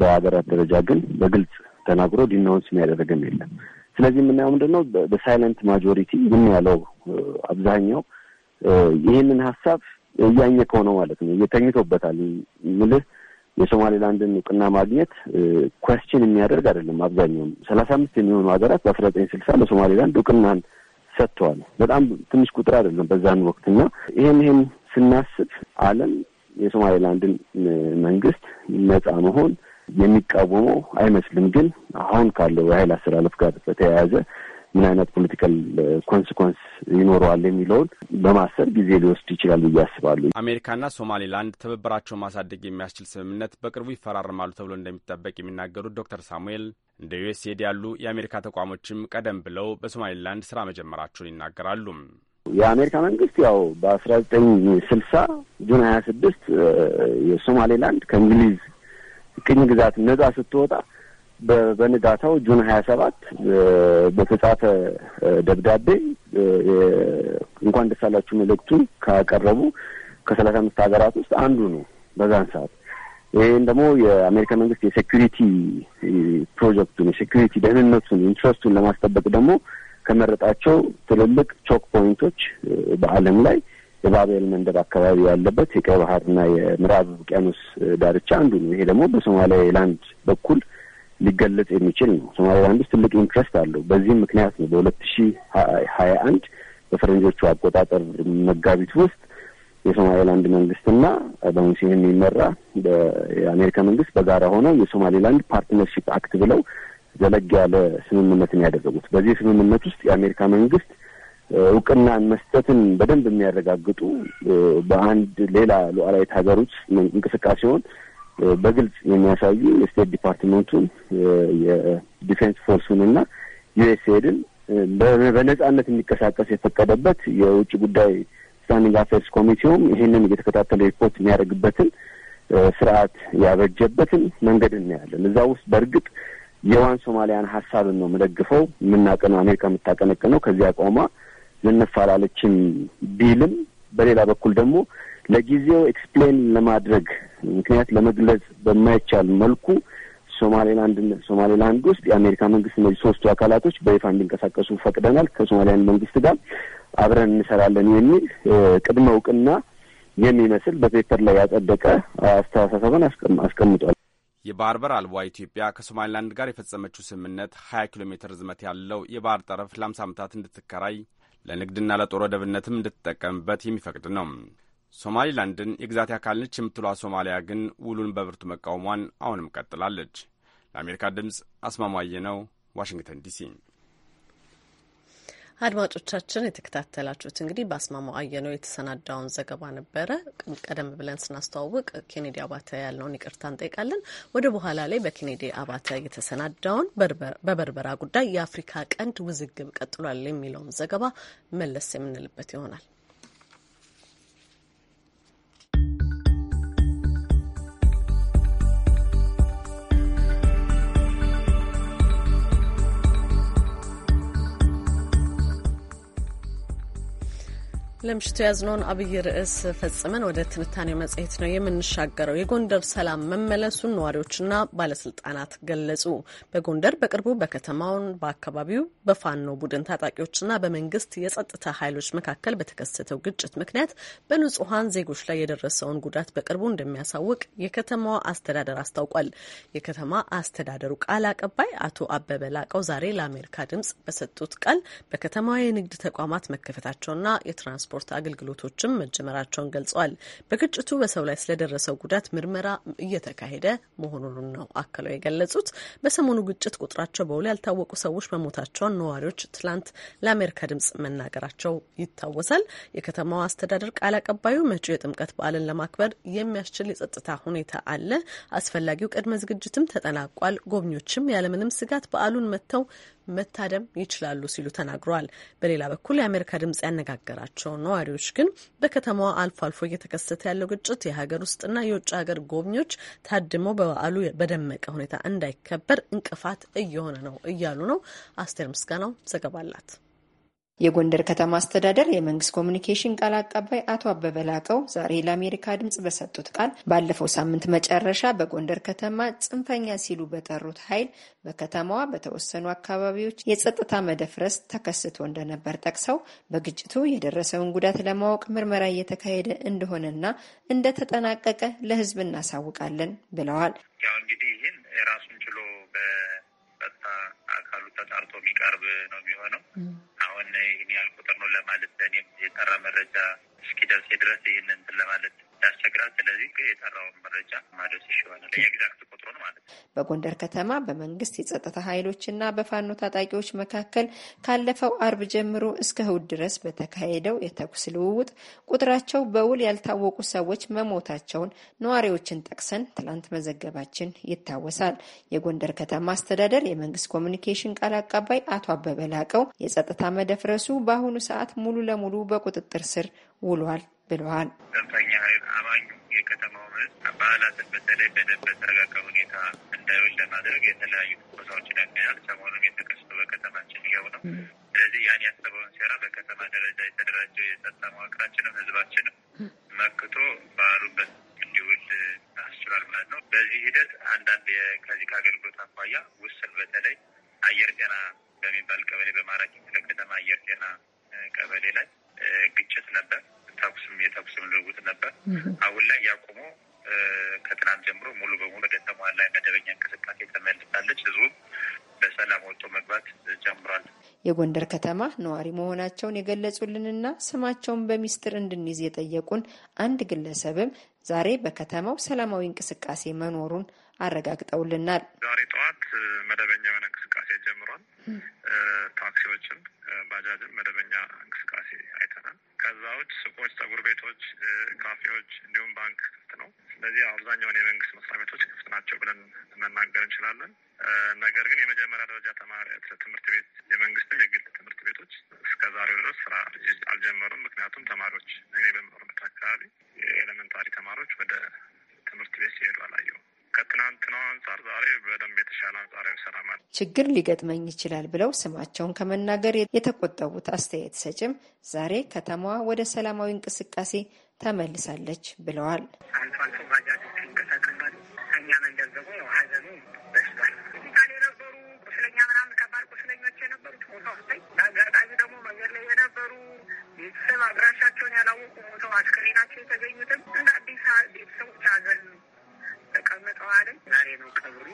በሀገራት ደረጃ ግን በግልጽ ተናግሮ ዲናውንስ የሚያደረገን የለም። ስለዚህ የምናየው ምንድን ነው በሳይለንት ማጆሪቲ ምን ያለው አብዛኛው ይህንን ሀሳብ እያኘከው ነው ማለት ነው። እየተኝቶበታል ምልህ የሶማሌላንድን እውቅና ማግኘት ኮስችን የሚያደርግ አይደለም። አብዛኛውም ሰላሳ አምስት የሚሆኑ ሀገራት በአስራ ዘጠኝ ስልሳ ለሶማሌላንድ እውቅናን ሰጥተዋል። በጣም ትንሽ ቁጥር አይደለም በዛን ወቅት እና ይህን ይህን ስናስብ አለም የሶማሌላንድን መንግስት ነጻ መሆን የሚቃወሙ አይመስልም። ግን አሁን ካለው የኃይል አሰላለፍ ጋር በተያያዘ ምን አይነት ፖለቲካል ኮንስኮንስ ይኖረዋል የሚለውን በማሰብ ጊዜ ሊወስድ ይችላል ብዬ አስባለሁ። አሜሪካና ሶማሌላንድ ትብብራቸውን ማሳደግ የሚያስችል ስምምነት በቅርቡ ይፈራረማሉ ተብሎ እንደሚጠበቅ የሚናገሩት ዶክተር ሳሙኤል እንደ ዩኤስኤድ ያሉ የአሜሪካ ተቋሞችም ቀደም ብለው በሶማሌላንድ ስራ መጀመራቸውን ይናገራሉ። የአሜሪካ መንግስት ያው በአስራ ዘጠኝ ስልሳ ጁን ሀያ ስድስት የሶማሌላንድ ከእንግሊዝ ቅኝ ግዛት ነጻ ስትወጣ በንጋታው ጁን ሀያ ሰባት በተጻፈ ደብዳቤ እንኳን ደስ አላችሁ መልእክቱን ካቀረቡ ከሰላሳ አምስት ሀገራት ውስጥ አንዱ ነው በዛን ሰዓት። ይህን ደግሞ የአሜሪካ መንግስት የሴኪሪቲ ፕሮጀክቱን የሴኪሪቲ ደህንነቱን ኢንትረስቱን ለማስጠበቅ ደግሞ ከመረጣቸው ትልልቅ ቾክ ፖይንቶች በዓለም ላይ የባቤል መንደብ አካባቢ ያለበት የቀይ ባህርና የምዕራብ ውቅያኖስ ዳርቻ አንዱ ነው። ይሄ ደግሞ ላንድ በኩል ሊገለጽ የሚችል ነው። ላንድ ውስጥ ትልቅ ኢንትረስት አለው። በዚህም ምክንያት ነው በሁለት ሺ ሀያ አንድ በፈረንጆቹ አቆጣጠር መጋቢት ውስጥ የሶማሌላንድ መንግስትና በሙሴን የሚመራ የአሜሪካ መንግስት በጋራ ሆነው የሶማሌላንድ ፓርትነርሺፕ አክት ብለው ዘለግ ያለ ስምምነትን ያደረጉት። በዚህ ስምምነት ውስጥ የአሜሪካ መንግስት እውቅናን መስጠትን በደንብ የሚያረጋግጡ በአንድ ሌላ ሉዓላዊት ሀገር ውስጥ እንቅስቃሴውን በግልጽ የሚያሳዩ የስቴት ዲፓርትመንቱን የዲፌንስ ፎርሱንና ዩኤስኤድን በነጻነት እንዲንቀሳቀስ የፈቀደበት የውጭ ጉዳይ ስታንዲንግ አፌርስ ኮሚቴውም ይህንን እየተከታተለ ሪፖርት የሚያደርግበትን ስርዓት ያበጀበትን መንገድ እናያለን። እዛ ውስጥ በእርግጥ የዋን ሶማሊያን ሀሳብን ነው የምደግፈው የምናቀነው አሜሪካ የምታቀነቅነው ከዚያ አቋሟ ልንፍ ቢልም በሌላ በኩል ደግሞ ለጊዜው ኤክስፕሌን ለማድረግ ምክንያት ለመግለጽ በማይቻል መልኩ ሶማሌላንድ ሶማሌላንድ ውስጥ የአሜሪካ መንግስት እነዚህ ሶስቱ አካላቶች በይፋ እንዲንቀሳቀሱ ፈቅደናል፣ ከሶማሊያን መንግስት ጋር አብረን እንሰራለን የሚል ቅድመ እውቅና የሚመስል በፔፐር ላይ ያጸደቀ አስተሳሰብን አስቀምጧል። የባህር በር አልባ ኢትዮጵያ ከሶማሌላንድ ጋር የፈጸመችው ስምምነት ሀያ ኪሎ ሜትር ርዝመት ያለው የባህር ጠረፍ ለአምሳ ዓመታት እንድትከራይ ለንግድና ለጦር ወደብነትም እንድትጠቀምበት የሚፈቅድ ነው። ሶማሊላንድን የግዛቴ አካል ነች የምትሏ ሶማሊያ ግን ውሉን በብርቱ መቃወሟን አሁንም ቀጥላለች። ለአሜሪካ ድምፅ አስማማየ ነው፣ ዋሽንግተን ዲሲ አድማጮቻችን የተከታተላችሁት እንግዲህ በአስማማው አየነው የተሰናዳውን ዘገባ ነበረ። ቀደም ብለን ስናስተዋውቅ ኬኔዲ አባተ ያልነውን ይቅርታ እንጠይቃለን። ወደ በኋላ ላይ በኬኔዲ አባተ የተሰናዳውን በበርበራ ጉዳይ የአፍሪካ ቀንድ ውዝግብ ቀጥሏል የሚለውን ዘገባ መለስ የምንልበት ይሆናል። ለምሽቱ ያዝነውን አብይ ርዕስ ፈጽመን ወደ ትንታኔው መጽሔት ነው የምንሻገረው። የጎንደር ሰላም መመለሱን ነዋሪዎችና ባለስልጣናት ገለጹ። በጎንደር በቅርቡ በከተማውን በአካባቢው በፋኖ ቡድን ታጣቂዎችና በመንግስት የጸጥታ ኃይሎች መካከል በተከሰተው ግጭት ምክንያት በንጹሐን ዜጎች ላይ የደረሰውን ጉዳት በቅርቡ እንደሚያሳውቅ የከተማዋ አስተዳደር አስታውቋል። የከተማ አስተዳደሩ ቃል አቀባይ አቶ አበበ ላቀው ዛሬ ለአሜሪካ ድምጽ በሰጡት ቃል በከተማዋ የንግድ ተቋማት መከፈታቸውና የትራንስፖርት የትራንስፖርት አገልግሎቶችም መጀመራቸውን ገልጸዋል። በግጭቱ በሰው ላይ ስለደረሰው ጉዳት ምርመራ እየተካሄደ መሆኑን ነው አክለው የገለጹት። በሰሞኑ ግጭት ቁጥራቸው በውል ያልታወቁ ሰዎች መሞታቸውን ነዋሪዎች ትላንት ለአሜሪካ ድምጽ መናገራቸው ይታወሳል። የከተማዋ አስተዳደር ቃል አቀባዩ መጪው የጥምቀት በዓልን ለማክበር የሚያስችል የጸጥታ ሁኔታ አለ፣ አስፈላጊው ቅድመ ዝግጅትም ተጠናቋል፣ ጎብኚዎችም ያለምንም ስጋት በዓሉን መጥተው መታደም ይችላሉ ሲሉ ተናግረዋል። በሌላ በኩል የአሜሪካ ድምጽ ያነጋገራቸው ነዋሪዎች ግን በከተማዋ አልፎ አልፎ እየተከሰተ ያለው ግጭት የሀገር ውስጥና የውጭ ሀገር ጎብኚዎች ታድመው በበዓሉ በደመቀ ሁኔታ እንዳይከበር እንቅፋት እየሆነ ነው እያሉ ነው። አስቴር ምስጋናው ዘገባ አላት። የጎንደር ከተማ አስተዳደር የመንግስት ኮሚኒኬሽን ቃል አቀባይ አቶ አበበ ላቀው ዛሬ ለአሜሪካ ድምጽ በሰጡት ቃል ባለፈው ሳምንት መጨረሻ በጎንደር ከተማ ጽንፈኛ ሲሉ በጠሩት ኃይል በከተማዋ በተወሰኑ አካባቢዎች የጸጥታ መደፍረስ ተከስቶ እንደነበር ጠቅሰው በግጭቱ የደረሰውን ጉዳት ለማወቅ ምርመራ እየተካሄደ እንደሆነና እንደተጠናቀቀ ለህዝብ እናሳውቃለን ብለዋል። ራሱን ችሎ በጸጥታ አካሉ ተጣርቶ የሚቀርብ ነው የሚሆነው አሁን ይህን ያህል ቁጥር ነው ለማለት ለእኔም የጠራ መረጃ እስኪደርስ ድረስ ይህንን እንትን ለማለት ያስቸግራል። ስለዚህ የጠራውን መረጃ ማድረስሽ ይሆናል የኤግዛክት ቁጥሩን ማለት ነው። በጎንደር ከተማ በመንግስት የጸጥታ ኃይሎችና በፋኖ ታጣቂዎች መካከል ካለፈው አርብ ጀምሮ እስከ እሁድ ድረስ በተካሄደው የተኩስ ልውውጥ ቁጥራቸው በውል ያልታወቁ ሰዎች መሞታቸውን ነዋሪዎችን ጠቅሰን ትላንት መዘገባችን ይታወሳል። የጎንደር ከተማ አስተዳደር የመንግስት ኮሚኒኬሽን ቃል አቀባይ አቶ አበበ ላቀው የጸጥታ መደፍረሱ በአሁኑ ሰዓት ሙሉ ለሙሉ በቁጥጥር ስር ውሏል ብለዋል። አብዛኛው የከተማው ህዝብ በዓላትን በተለይ በደንብ በተረጋጋ ሁኔታ እንዳይውል ለማድረግ የተለያዩ ትንኮሳዎችን ያገኛል። ሰሞኑን የተከሰቱ በከተማችን ይኸው ነው። ስለዚህ ያን ያሰበውን ሴራ በከተማ ደረጃ የተደራጀው የጸጥታ መዋቅራችንም ህዝባችንም መክቶ በዓሉበት እንዲውል አስችሏል ማለት ነው። በዚህ ሂደት አንዳንድ ከዚህ ከአገልግሎት አኳያ ውስን በተለይ አየር ጤና በሚባል ቀበሌ በማራኪ ክፍለ ከተማ አየር ጤና ቀበሌ ላይ ግጭት ነበር። ተኩስም የተኩስም ልውውጥ ነበር። አሁን ላይ ያቆሞ ከትናንት ጀምሮ ሙሉ በሙሉ ወደ ተሟላ መደበኛ እንቅስቃሴ ተመልሳለች። ህዝቡም በሰላም ወጥቶ መግባት ጀምሯል። የጎንደር ከተማ ነዋሪ መሆናቸውን የገለጹልንና ስማቸውን በሚስጥር እንድንይዝ የጠየቁን አንድ ግለሰብም ዛሬ በከተማው ሰላማዊ እንቅስቃሴ መኖሩን አረጋግጠውልናል። ዛሬ ጠዋት መደበኛ የሆነ እንቅስቃሴ ጀምሯል። ታክሲዎችም ባጃጅም መደበኛ እንቅስቃሴ ከዛ ሱቆች፣ ጸጉር ቤቶች፣ ካፌዎች እንዲሁም ባንክ ክፍት ነው። ስለዚህ አብዛኛውን የመንግስት መስሪያ ቤቶች ክፍት ናቸው ብለን መናገር እንችላለን። ነገር ግን የመጀመሪያ ደረጃ ተማሪ ትምህርት ቤት የመንግስትም የግል ትምህርት ቤቶች እስከ ዛሬው ድረስ ስራ አልጀመሩም። ምክንያቱም ተማሪዎች እኔ በምኖርበት አካባቢ የኤሌመንታሪ ተማሪዎች ወደ ትምህርት ቤት ሲሄዱ አላየሁም። ከትናንትናው አንጻር ዛሬ በደንብ የተሻለ አንጻር ሰላም ችግር ሊገጥመኝ ይችላል ብለው ስማቸውን ከመናገር የተቆጠቡት አስተያየት ሰጭም ዛሬ ከተማዋ ወደ ሰላማዊ እንቅስቃሴ ተመልሳለች ብለዋል። ቤተሰብ አድራሻቸውን ያላወቁ ሞተው አስክሬናቸው የተገኙትም እንደ አዲስ ቤተሰቦች ሀዘን ተቀምጠዋል። ዛሬ ነው ቀብሩ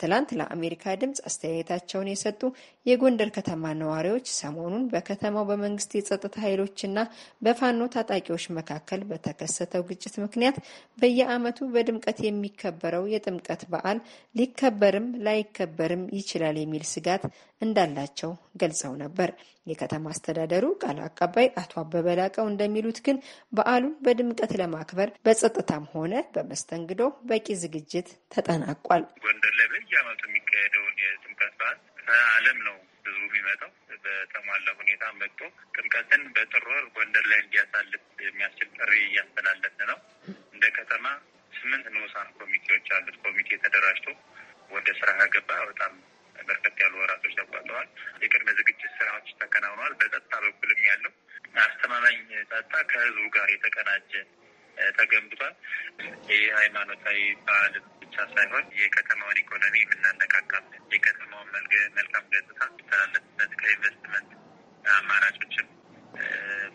ትላንት ለአሜሪካ ድምፅ አስተያየታቸውን የሰጡ የጎንደር ከተማ ነዋሪዎች ሰሞኑን በከተማው በመንግስት የጸጥታ ኃይሎችና በፋኖ ታጣቂዎች መካከል በተከሰተው ግጭት ምክንያት በየዓመቱ በድምቀት የሚከበረው የጥምቀት በዓል ሊከበርም ላይከበርም ይችላል የሚል ስጋት እንዳላቸው ገልጸው ነበር። የከተማ አስተዳደሩ ቃል አቀባይ አቶ አበበ ላቀው እንደሚሉት ግን በዓሉን በድምቀት ለማክበር በጸጥታም ሆነ በመስተንግዶ በቂ ዝግጅት ተጠናቋል። ጎንደር ላይ በየዓመቱ የሚካሄደውን የጥምቀት በዓል ከዓለም ነው ብዙ የሚመጣው በተሟላ ሁኔታ መጥቶ ጥምቀትን በጥር ወር ጎንደር ላይ እንዲያሳልፍ የሚያስችል ጥሪ እያስተላለፍ ነው። እንደ ከተማ ስምንት ንዑሳን ኮሚቴዎች አሉት ኮሚቴ ተደራጅቶ ወደ ስራ ገባ። በጣም በርከት ያሉ ወራቶች ተቋጠዋል። የቅድመ ዝግጅት ስራዎች ተከናውነዋል። በጸጥታ በኩልም ያለው አስተማማኝ ጸጥታ ከህዝቡ ጋር የተቀናጀ ተገንብቷል። ይህ ሃይማኖታዊ በዓል ብቻ ሳይሆን የከተማውን ኢኮኖሚ የምናነቃቃበት፣ የከተማውን መልካም ገጽታ ተላለፍበት፣ ከኢንቨስትመንት አማራጮችም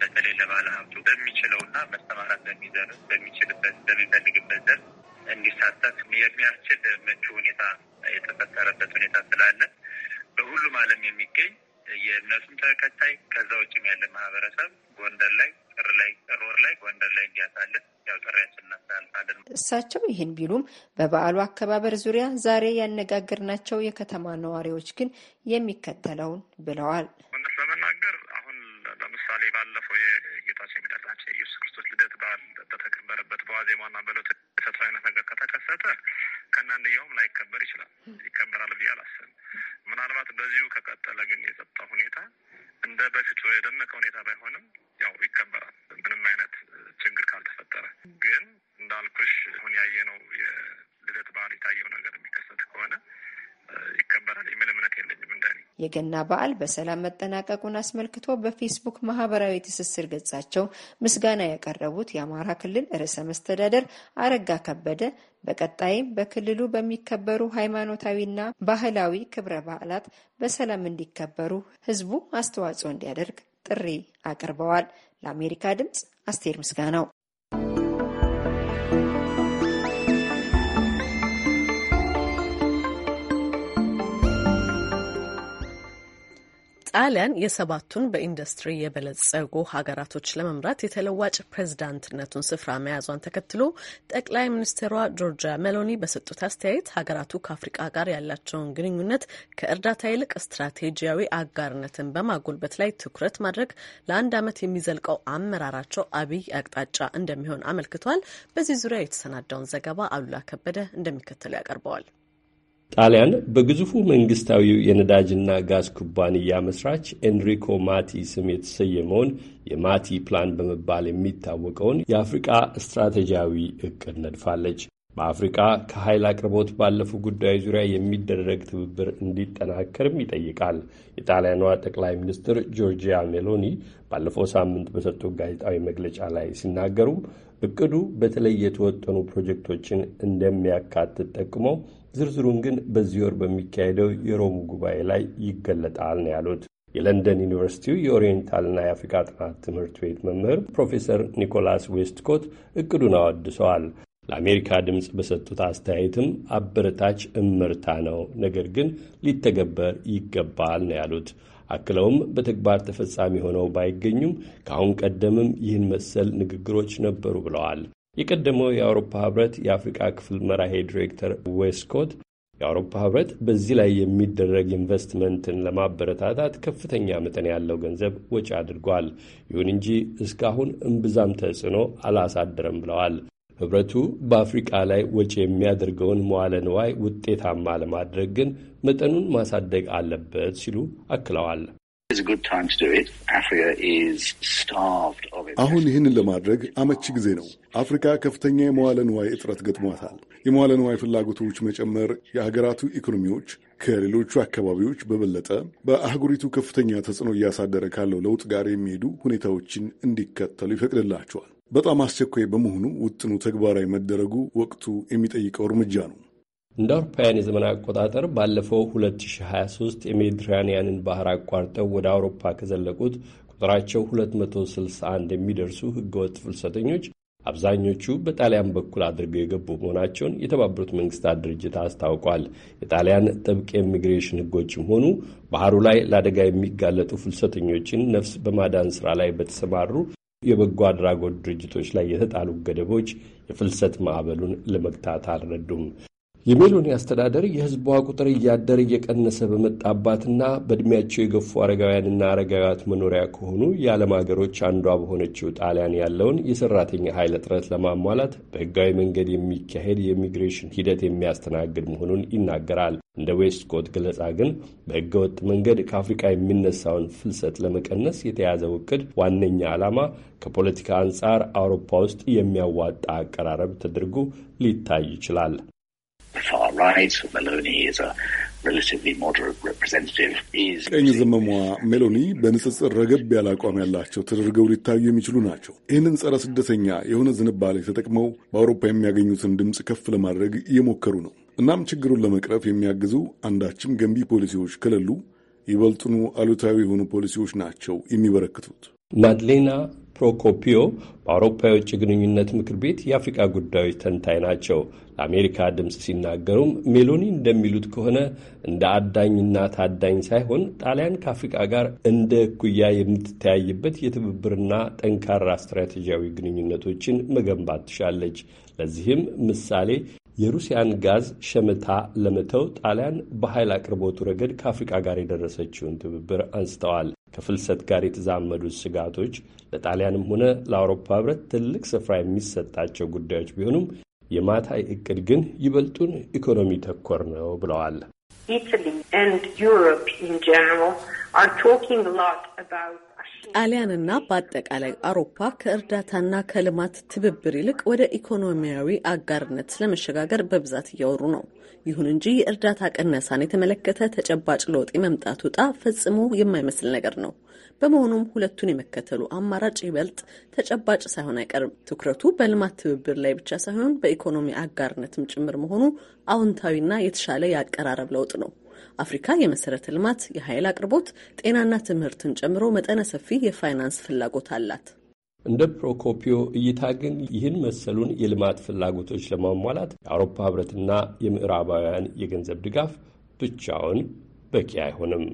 በተለይ ለባለ ሀብቱ በሚችለውና መሰማራት በሚዘር በሚችልበት በሚፈልግበት ዘርፍ እንዲሳተፍ የሚያስችል ምቹ ሁኔታ የተፈጠረበት ሁኔታ ስላለ በሁሉም ዓለም የሚገኝ የእነሱም ተከታይ ከዛ ውጭም ያለ ማህበረሰብ ጎንደር ላይ ጥር ላይ ጥር ወር ላይ ጎንደር ላይ እንዲያሳልፍ ያው ጥሪያችን እናስተላልፋለን። እሳቸው ይህን ቢሉም በበዓሉ አከባበር ዙሪያ ዛሬ ያነጋገርናቸው የከተማ ነዋሪዎች ግን የሚከተለውን ብለዋል። እውነት ለመናገር አሁን ለምሳሌ ባለፈው የጌታችን የመድኃኒታችን የኢየሱስ ክርስቶስ ልደት በዓል በተከበረበት በዋዜማና በዕለቱ የተሰጠ አይነት ነገር ከተከሰተ ከእናንድያውም ላይከበር ይችላል። ይከበራል ብዬ አላስብም። ምናልባት በዚሁ ከቀጠለ ግን የጸጥታ ሁኔታ እንደ በፊቱ የደመቀ ሁኔታ ባይሆንም ያው ይከበራል ምንም አይነት የገና በዓል በሰላም መጠናቀቁን አስመልክቶ በፌስቡክ ማህበራዊ ትስስር ገጻቸው ምስጋና ያቀረቡት የአማራ ክልል ርዕሰ መስተዳደር አረጋ ከበደ በቀጣይም በክልሉ በሚከበሩ ሃይማኖታዊና ባህላዊ ክብረ በዓላት በሰላም እንዲከበሩ ህዝቡ አስተዋጽኦ እንዲያደርግ ጥሪ አቅርበዋል። ለአሜሪካ ድምጽ አስቴር ምስጋናው። ጣሊያን የሰባቱን በኢንዱስትሪ የበለጸጉ ሀገራቶች ለመምራት የተለዋጭ ፕሬዝዳንትነቱን ስፍራ መያዟን ተከትሎ ጠቅላይ ሚኒስትሯ ጆርጂያ ሜሎኒ በሰጡት አስተያየት ሀገራቱ ከአፍሪቃ ጋር ያላቸውን ግንኙነት ከእርዳታ ይልቅ ስትራቴጂያዊ አጋርነትን በማጎልበት ላይ ትኩረት ማድረግ ለአንድ ዓመት የሚዘልቀው አመራራቸው አብይ አቅጣጫ እንደሚሆን አመልክቷል። በዚህ ዙሪያ የተሰናዳውን ዘገባ አሉላ ከበደ እንደሚከተሉ ያቀርበዋል። ጣሊያን በግዙፉ መንግስታዊ የነዳጅና ጋዝ ኩባንያ መስራች ኤንሪኮ ማቲ ስም የተሰየመውን የማቲ ፕላን በመባል የሚታወቀውን የአፍሪቃ ስትራቴጂያዊ እቅድ ነድፋለች። በአፍሪቃ ከኃይል አቅርቦት ባለፉ ጉዳዮች ዙሪያ የሚደረግ ትብብር እንዲጠናከርም ይጠይቃል። የጣሊያኗ ጠቅላይ ሚኒስትር ጆርጂያ ሜሎኒ ባለፈው ሳምንት በሰጡት ጋዜጣዊ መግለጫ ላይ ሲናገሩም እቅዱ በተለይ የተወጠኑ ፕሮጀክቶችን እንደሚያካትት ጠቅመው ዝርዝሩን ግን በዚህ ወር በሚካሄደው የሮሙ ጉባኤ ላይ ይገለጣል ነው ያሉት። የለንደን ዩኒቨርሲቲው የኦሪየንታልና የአፍሪካ ጥናት ትምህርት ቤት መምህር ፕሮፌሰር ኒኮላስ ዌስትኮት እቅዱን አወድሰዋል። ለአሜሪካ ድምፅ በሰጡት አስተያየትም አበረታች እምርታ ነው፣ ነገር ግን ሊተገበር ይገባል ነው ያሉት። አክለውም በተግባር ተፈጻሚ ሆነው ባይገኙም ከአሁን ቀደምም ይህን መሰል ንግግሮች ነበሩ ብለዋል። የቀደመው የአውሮፓ ህብረት የአፍሪቃ ክፍል መራሄ ዲሬክተር ዌስኮት የአውሮፓ ህብረት በዚህ ላይ የሚደረግ ኢንቨስትመንትን ለማበረታታት ከፍተኛ መጠን ያለው ገንዘብ ወጪ አድርጓል። ይሁን እንጂ እስካሁን እምብዛም ተጽዕኖ አላሳደረም ብለዋል። ህብረቱ በአፍሪቃ ላይ ወጪ የሚያደርገውን መዋለ ንዋይ ውጤታማ ለማድረግ ግን መጠኑን ማሳደግ አለበት ሲሉ አክለዋል። አሁን ይህንን ለማድረግ አመቺ ጊዜ ነው። አፍሪካ ከፍተኛ የመዋለ ንዋይ እጥረት ገጥሟታል። የመዋለ ንዋይ ፍላጎቶች መጨመር የሀገራቱ ኢኮኖሚዎች ከሌሎቹ አካባቢዎች በበለጠ በአህጉሪቱ ከፍተኛ ተጽዕኖ እያሳደረ ካለው ለውጥ ጋር የሚሄዱ ሁኔታዎችን እንዲከተሉ ይፈቅድላቸዋል። በጣም አስቸኳይ በመሆኑ ውጥኑ ተግባራዊ መደረጉ ወቅቱ የሚጠይቀው እርምጃ ነው። እንደ አውሮፓውያን የዘመን አቆጣጠር ባለፈው 2023 የሜዲትራኒያንን ባህር አቋርጠው ወደ አውሮፓ ከዘለቁት ቁጥራቸው 261 የሚደርሱ ህገወጥ ፍልሰተኞች አብዛኞቹ በጣሊያን በኩል አድርገው የገቡ መሆናቸውን የተባበሩት መንግስታት ድርጅት አስታውቋል። የጣሊያን ጥብቅ የኢሚግሬሽን ህጎችም ሆኑ ባህሩ ላይ ለአደጋ የሚጋለጡ ፍልሰተኞችን ነፍስ በማዳን ስራ ላይ በተሰማሩ የበጎ አድራጎት ድርጅቶች ላይ የተጣሉ ገደቦች የፍልሰት ማዕበሉን ለመግታት አልረዱም። የሜሎኒ አስተዳደር የህዝቧ ቁጥር እያደር እየቀነሰ በመጣባትና በዕድሜያቸው የገፉ አረጋውያንና አረጋውያት መኖሪያ ከሆኑ የዓለም ሀገሮች አንዷ በሆነችው ጣሊያን ያለውን የሰራተኛ ኃይል እጥረት ለማሟላት በህጋዊ መንገድ የሚካሄድ የኢሚግሬሽን ሂደት የሚያስተናግድ መሆኑን ይናገራል። እንደ ዌስትኮት ገለጻ ግን በህገወጥ መንገድ ከአፍሪካ የሚነሳውን ፍልሰት ለመቀነስ የተያዘው እቅድ ዋነኛ ዓላማ ከፖለቲካ አንጻር አውሮፓ ውስጥ የሚያዋጣ አቀራረብ ተደርጎ ሊታይ ይችላል። right. Maloney is a ቀኝ ዘመሟ ሜሎኒ በንጽጽር ረገብ ያለ አቋም ያላቸው ተደርገው ሊታዩ የሚችሉ ናቸው። ይህንን ጸረ ስደተኛ የሆነ ዝንባሌ ተጠቅመው በአውሮፓ የሚያገኙትን ድምፅ ከፍ ለማድረግ እየሞከሩ ነው። እናም ችግሩን ለመቅረፍ የሚያግዙ አንዳችም ገንቢ ፖሊሲዎች ከሌሉ ይበልጥኑ አሉታዊ የሆኑ ፖሊሲዎች ናቸው የሚበረክቱት። ማድሌና ፕሮኮፒዮ በአውሮፓ የውጭ ግንኙነት ምክር ቤት የአፍሪካ ጉዳዮች ተንታኝ ናቸው። ለአሜሪካ ድምፅ ሲናገሩም ሜሎኒ እንደሚሉት ከሆነ እንደ አዳኝና ታዳኝ ሳይሆን ጣሊያን ከአፍሪካ ጋር እንደ እኩያ የምትተያይበት የትብብርና ጠንካራ ስትራቴጂያዊ ግንኙነቶችን መገንባት ትሻለች። ለዚህም ምሳሌ የሩሲያን ጋዝ ሸመታ ለመተው ጣሊያን በኃይል አቅርቦቱ ረገድ ከአፍሪቃ ጋር የደረሰችውን ትብብር አንስተዋል። ከፍልሰት ጋር የተዛመዱት ስጋቶች ለጣሊያንም ሆነ ለአውሮፓ ህብረት ትልቅ ስፍራ የሚሰጣቸው ጉዳዮች ቢሆኑም የማታይ እቅድ ግን ይበልጡን ኢኮኖሚ ተኮር ነው ብለዋል። ጣሊያንና በአጠቃላይ አውሮፓ ከእርዳታና ከልማት ትብብር ይልቅ ወደ ኢኮኖሚያዊ አጋርነት ለመሸጋገር በብዛት እያወሩ ነው። ይሁን እንጂ የእርዳታ ቅነሳን የተመለከተ ተጨባጭ ለውጥ የመምጣት ውጣ ፈጽሞ የማይመስል ነገር ነው። በመሆኑም ሁለቱን የመከተሉ አማራጭ ይበልጥ ተጨባጭ ሳይሆን አይቀርም። ትኩረቱ በልማት ትብብር ላይ ብቻ ሳይሆን በኢኮኖሚ አጋርነትም ጭምር መሆኑ አዎንታዊና የተሻለ የአቀራረብ ለውጥ ነው። አፍሪካ የመሰረተ ልማት፣ የኃይል አቅርቦት፣ ጤናና ትምህርትን ጨምሮ መጠነ ሰፊ የፋይናንስ ፍላጎት አላት። እንደ ፕሮኮፒዮ እይታ ግን ይህን መሰሉን የልማት ፍላጎቶች ለማሟላት የአውሮፓ ህብረትና የምዕራባውያን የገንዘብ ድጋፍ ብቻውን በቂ አይሆንም።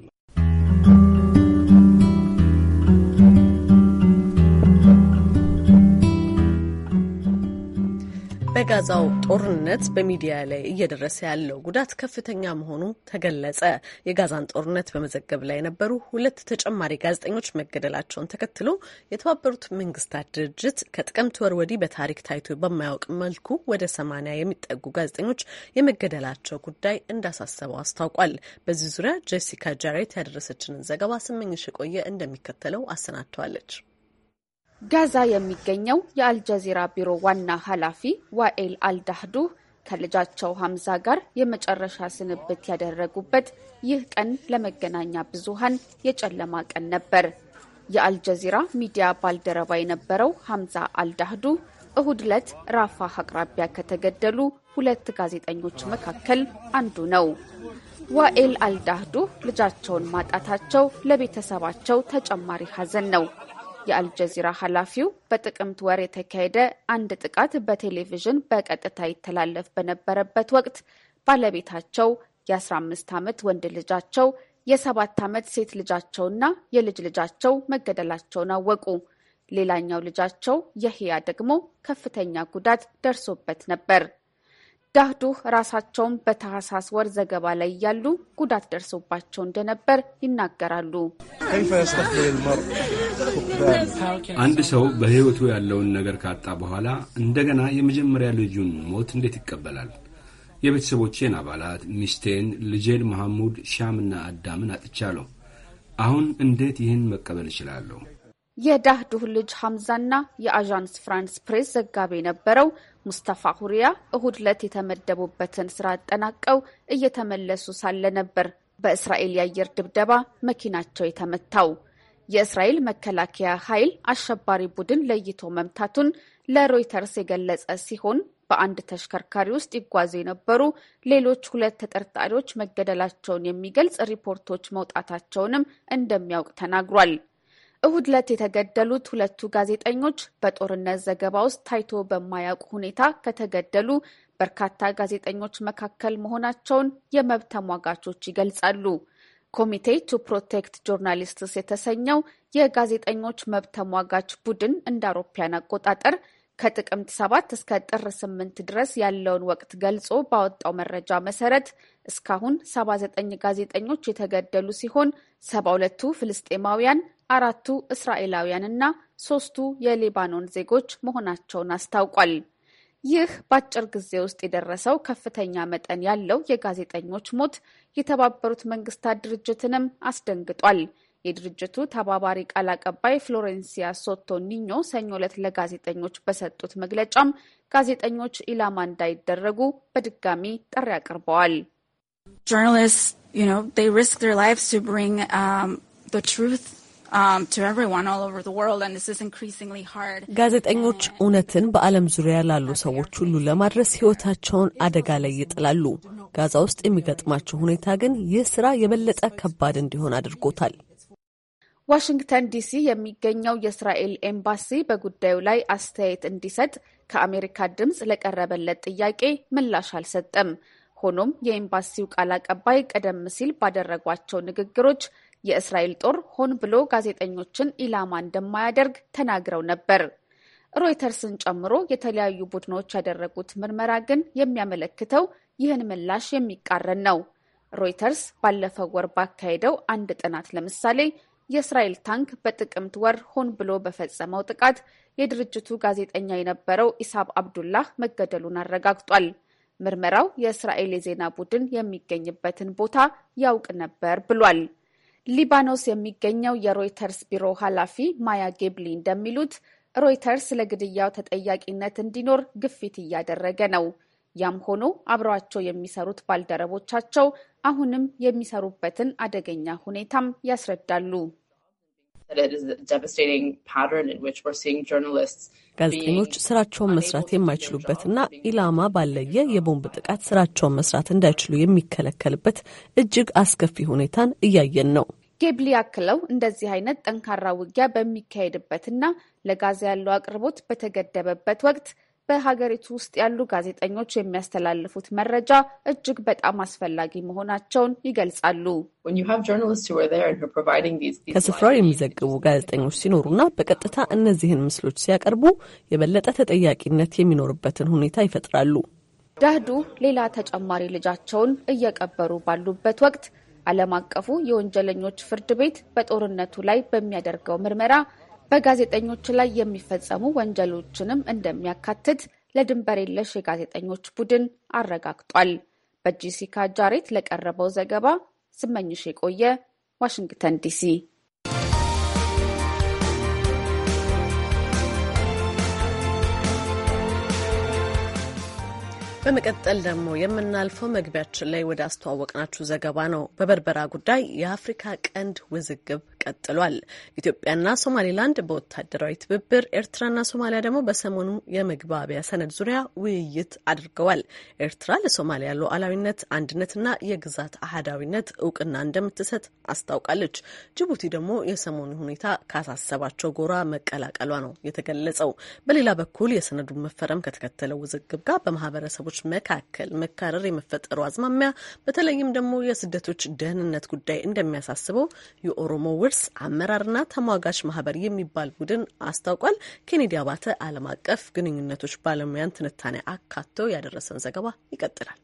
የጋዛው ጦርነት በሚዲያ ላይ እየደረሰ ያለው ጉዳት ከፍተኛ መሆኑ ተገለጸ። የጋዛን ጦርነት በመዘገብ ላይ የነበሩ ሁለት ተጨማሪ ጋዜጠኞች መገደላቸውን ተከትሎ የተባበሩት መንግስታት ድርጅት ከጥቅምት ወር ወዲህ በታሪክ ታይቶ በማያውቅ መልኩ ወደ ሰማንያ የሚጠጉ ጋዜጠኞች የመገደላቸው ጉዳይ እንዳሳሰበው አስታውቋል። በዚህ ዙሪያ ጄሲካ ጃሬት ያደረሰችንን ዘገባ ስመኝሽ የቆየ እንደሚከተለው አሰናድተዋለች። ጋዛ የሚገኘው የአልጀዚራ ቢሮ ዋና ኃላፊ ዋኤል አልዳህዱህ ከልጃቸው ሀምዛ ጋር የመጨረሻ ስንብት ያደረጉበት ይህ ቀን ለመገናኛ ብዙሃን የጨለማ ቀን ነበር። የአልጀዚራ ሚዲያ ባልደረባ የነበረው ሀምዛ አልዳህዱ እሁድ ዕለት ራፋህ አቅራቢያ ከተገደሉ ሁለት ጋዜጠኞች መካከል አንዱ ነው። ዋኤል አልዳህዱ ልጃቸውን ማጣታቸው ለቤተሰባቸው ተጨማሪ ሀዘን ነው። የአልጀዚራ ኃላፊው በጥቅምት ወር የተካሄደ አንድ ጥቃት በቴሌቪዥን በቀጥታ ይተላለፍ በነበረበት ወቅት ባለቤታቸው የ15 ዓመት ወንድ ልጃቸው የሰባት ዓመት ሴት ልጃቸውና የልጅ ልጃቸው መገደላቸውን አወቁ። ሌላኛው ልጃቸው የህያ ደግሞ ከፍተኛ ጉዳት ደርሶበት ነበር። ዳህዱ ራሳቸውን በታህሳስ ወር ዘገባ ላይ እያሉ ጉዳት ደርሶባቸው እንደነበር ይናገራሉ። አንድ ሰው በሕይወቱ ያለውን ነገር ካጣ በኋላ እንደገና የመጀመሪያ ልጁን ሞት እንዴት ይቀበላል? የቤተሰቦቼን አባላት፣ ሚስቴን፣ ልጄን መሐሙድ፣ ሻምና አዳምን አጥቻለሁ። አሁን እንዴት ይህን መቀበል እችላለሁ? የዳህዱህ ልጅ ሐምዛና የአዣንስ ፍራንስ ፕሬስ ዘጋቢ የነበረው ሙስተፋ ሁሪያ እሁድ ዕለት የተመደቡበትን ስራ አጠናቀው እየተመለሱ ሳለ ነበር በእስራኤል የአየር ድብደባ መኪናቸው የተመታው። የእስራኤል መከላከያ ኃይል አሸባሪ ቡድን ለይቶ መምታቱን ለሮይተርስ የገለጸ ሲሆን በአንድ ተሽከርካሪ ውስጥ ይጓዙ የነበሩ ሌሎች ሁለት ተጠርጣሪዎች መገደላቸውን የሚገልጽ ሪፖርቶች መውጣታቸውንም እንደሚያውቅ ተናግሯል። እሁድ ለት የተገደሉት ሁለቱ ጋዜጠኞች በጦርነት ዘገባ ውስጥ ታይቶ በማያውቅ ሁኔታ ከተገደሉ በርካታ ጋዜጠኞች መካከል መሆናቸውን የመብት ተሟጋቾች ይገልጻሉ። ኮሚቴ ቱ ፕሮቴክት ጆርናሊስትስ የተሰኘው የጋዜጠኞች መብት ተሟጋች ቡድን እንደ አውሮፓያን አቆጣጠር ከጥቅምት 7 እስከ ጥር 8 ድረስ ያለውን ወቅት ገልጾ ባወጣው መረጃ መሰረት እስካሁን 79 ጋዜጠኞች የተገደሉ ሲሆን 72ቱ ፍልስጤማውያን፣ አራቱ እስራኤላውያን እና ሶስቱ የሊባኖን ዜጎች መሆናቸውን አስታውቋል። ይህ በአጭር ጊዜ ውስጥ የደረሰው ከፍተኛ መጠን ያለው የጋዜጠኞች ሞት የተባበሩት መንግስታት ድርጅትንም አስደንግጧል። የድርጅቱ ተባባሪ ቃል አቀባይ ፍሎሬንሲያ ሶቶ ኒኞ ሰኞ ዕለት ለጋዜጠኞች በሰጡት መግለጫም ጋዜጠኞች ኢላማ እንዳይደረጉ በድጋሚ ጥሪ አቅርበዋል። um, um, ጋዜጠኞች እውነትን በዓለም ዙሪያ ላሉ ሰዎች ሁሉ ለማድረስ ሕይወታቸውን አደጋ ላይ ይጥላሉ። ጋዛ ውስጥ የሚገጥማቸው ሁኔታ ግን ይህ ስራ የበለጠ ከባድ እንዲሆን አድርጎታል። ዋሽንግተን ዲሲ የሚገኘው የእስራኤል ኤምባሲ በጉዳዩ ላይ አስተያየት እንዲሰጥ ከአሜሪካ ድምፅ ለቀረበለት ጥያቄ ምላሽ አልሰጠም። ሆኖም የኤምባሲው ቃል አቀባይ ቀደም ሲል ባደረጓቸው ንግግሮች የእስራኤል ጦር ሆን ብሎ ጋዜጠኞችን ኢላማ እንደማያደርግ ተናግረው ነበር። ሮይተርስን ጨምሮ የተለያዩ ቡድኖች ያደረጉት ምርመራ ግን የሚያመለክተው ይህን ምላሽ የሚቃረን ነው። ሮይተርስ ባለፈው ወር ባካሄደው አንድ ጥናት ለምሳሌ የእስራኤል ታንክ በጥቅምት ወር ሆን ብሎ በፈጸመው ጥቃት የድርጅቱ ጋዜጠኛ የነበረው ኢሳብ አብዱላህ መገደሉን አረጋግጧል። ምርመራው የእስራኤል የዜና ቡድን የሚገኝበትን ቦታ ያውቅ ነበር ብሏል። ሊባኖስ የሚገኘው የሮይተርስ ቢሮ ኃላፊ ማያ ጌብሊ እንደሚሉት ሮይተርስ ለግድያው ተጠያቂነት እንዲኖር ግፊት እያደረገ ነው። ያም ሆኖ አብረዋቸው የሚሰሩት ባልደረቦቻቸው አሁንም የሚሰሩበትን አደገኛ ሁኔታም ያስረዳሉ። ጋዜጠኞች ስራቸውን መስራት የማይችሉበትና ኢላማ ባለየ የቦምብ ጥቃት ስራቸውን መስራት እንዳይችሉ የሚከለከልበት እጅግ አስከፊ ሁኔታን እያየን ነው። ጌብሊ ያክለው እንደዚህ አይነት ጠንካራ ውጊያ በሚካሄድበትና ለጋዛ ያለው አቅርቦት በተገደበበት ወቅት በሀገሪቱ ውስጥ ያሉ ጋዜጠኞች የሚያስተላልፉት መረጃ እጅግ በጣም አስፈላጊ መሆናቸውን ይገልጻሉ። ከስፍራው የሚዘግቡ ጋዜጠኞች ሲኖሩና በቀጥታ እነዚህን ምስሎች ሲያቀርቡ የበለጠ ተጠያቂነት የሚኖርበትን ሁኔታ ይፈጥራሉ። ዳህዱ ሌላ ተጨማሪ ልጃቸውን እየቀበሩ ባሉበት ወቅት ዓለም አቀፉ የወንጀለኞች ፍርድ ቤት በጦርነቱ ላይ በሚያደርገው ምርመራ በጋዜጠኞች ላይ የሚፈጸሙ ወንጀሎችንም እንደሚያካትት ለድንበር የለሽ የጋዜጠኞች ቡድን አረጋግጧል። በጄሲካ ጃሬት ለቀረበው ዘገባ ስመኝሽ የቆየ ዋሽንግተን ዲሲ። በመቀጠል ደግሞ የምናልፈው መግቢያችን ላይ ወደ አስተዋወቅናችሁ ዘገባ ነው። በበርበራ ጉዳይ የአፍሪካ ቀንድ ውዝግብ ቀጥሏል። ኢትዮጵያና ሶማሌላንድ በወታደራዊ ትብብር፣ ኤርትራና ሶማሊያ ደግሞ በሰሞኑ የመግባቢያ ሰነድ ዙሪያ ውይይት አድርገዋል። ኤርትራ ለሶማሊያ ሉዓላዊነት አንድነትና የግዛት አህዳዊነት እውቅና እንደምትሰጥ አስታውቃለች። ጅቡቲ ደግሞ የሰሞኑ ሁኔታ ካሳሰባቸው ጎራ መቀላቀሏ ነው የተገለጸው። በሌላ በኩል የሰነዱን መፈረም ከተከተለው ውዝግብ ጋር በማህበረሰቦች መካከል መካረር የመፈጠሩ አዝማሚያ በተለይም ደግሞ የስደቶች ደህንነት ጉዳይ እንደሚያሳስበው የኦሮሞ ውርስ የኤድስ አመራርና ተሟጋች ማህበር የሚባል ቡድን አስታውቋል። ኬኔዲ አባተ ዓለም አቀፍ ግንኙነቶች ባለሙያን ትንታኔ አካቶ ያደረሰን ዘገባ ይቀጥላል።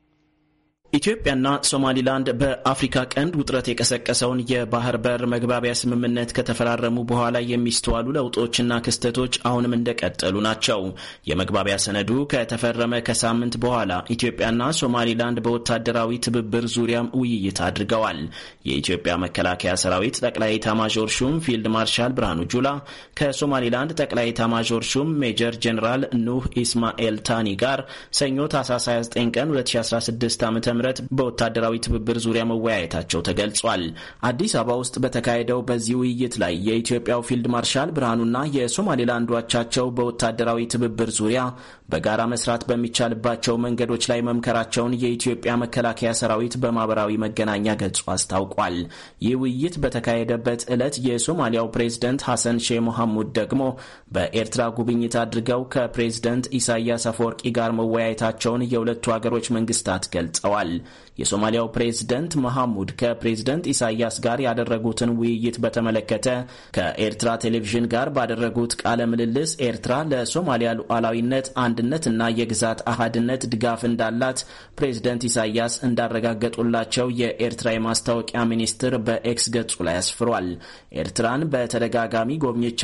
ኢትዮጵያና ሶማሊላንድ በአፍሪካ ቀንድ ውጥረት የቀሰቀሰውን የባህር በር መግባቢያ ስምምነት ከተፈራረሙ በኋላ የሚስተዋሉ ለውጦችና ክስተቶች አሁንም እንደቀጠሉ ናቸው። የመግባቢያ ሰነዱ ከተፈረመ ከሳምንት በኋላ ኢትዮጵያና ሶማሊላንድ በወታደራዊ ትብብር ዙሪያም ውይይት አድርገዋል። የኢትዮጵያ መከላከያ ሰራዊት ጠቅላይ ኤታማዦር ሹም ፊልድ ማርሻል ብርሃኑ ጁላ ከሶማሊላንድ ጠቅላይ ኤታማዦር ሹም ሜጀር ጄኔራል ኑህ ኢስማኤል ታኒ ጋር ሰኞ ታህሳስ 29 ቀን 2016 ም ህብረት በወታደራዊ ትብብር ዙሪያ መወያየታቸው ተገልጿል። አዲስ አበባ ውስጥ በተካሄደው በዚህ ውይይት ላይ የኢትዮጵያው ፊልድ ማርሻል ብርሃኑና የሶማሌላንዱ አቻቸው በወታደራዊ ትብብር ዙሪያ በጋራ መስራት በሚቻልባቸው መንገዶች ላይ መምከራቸውን የኢትዮጵያ መከላከያ ሰራዊት በማህበራዊ መገናኛ ገጹ አስታውቋል። ይህ ውይይት በተካሄደበት ዕለት የሶማሊያው ፕሬዝደንት ሐሰን ሼህ መሐሙድ ደግሞ በኤርትራ ጉብኝት አድርገው ከፕሬዝደንት ኢሳያስ አፈወርቂ ጋር መወያየታቸውን የሁለቱ ሀገሮች መንግስታት ገልጸዋል። mal የሶማሊያው ፕሬዝደንት መሐሙድ ከፕሬዝደንት ኢሳያስ ጋር ያደረጉትን ውይይት በተመለከተ ከኤርትራ ቴሌቪዥን ጋር ባደረጉት ቃለ ምልልስ ኤርትራ ለሶማሊያ ሉዓላዊነት አንድነትና የግዛት አሃድነት ድጋፍ እንዳላት ፕሬዝደንት ኢሳያስ እንዳረጋገጡላቸው የኤርትራ የማስታወቂያ ሚኒስትር በኤክስ ገጹ ላይ አስፍሯል። ኤርትራን በተደጋጋሚ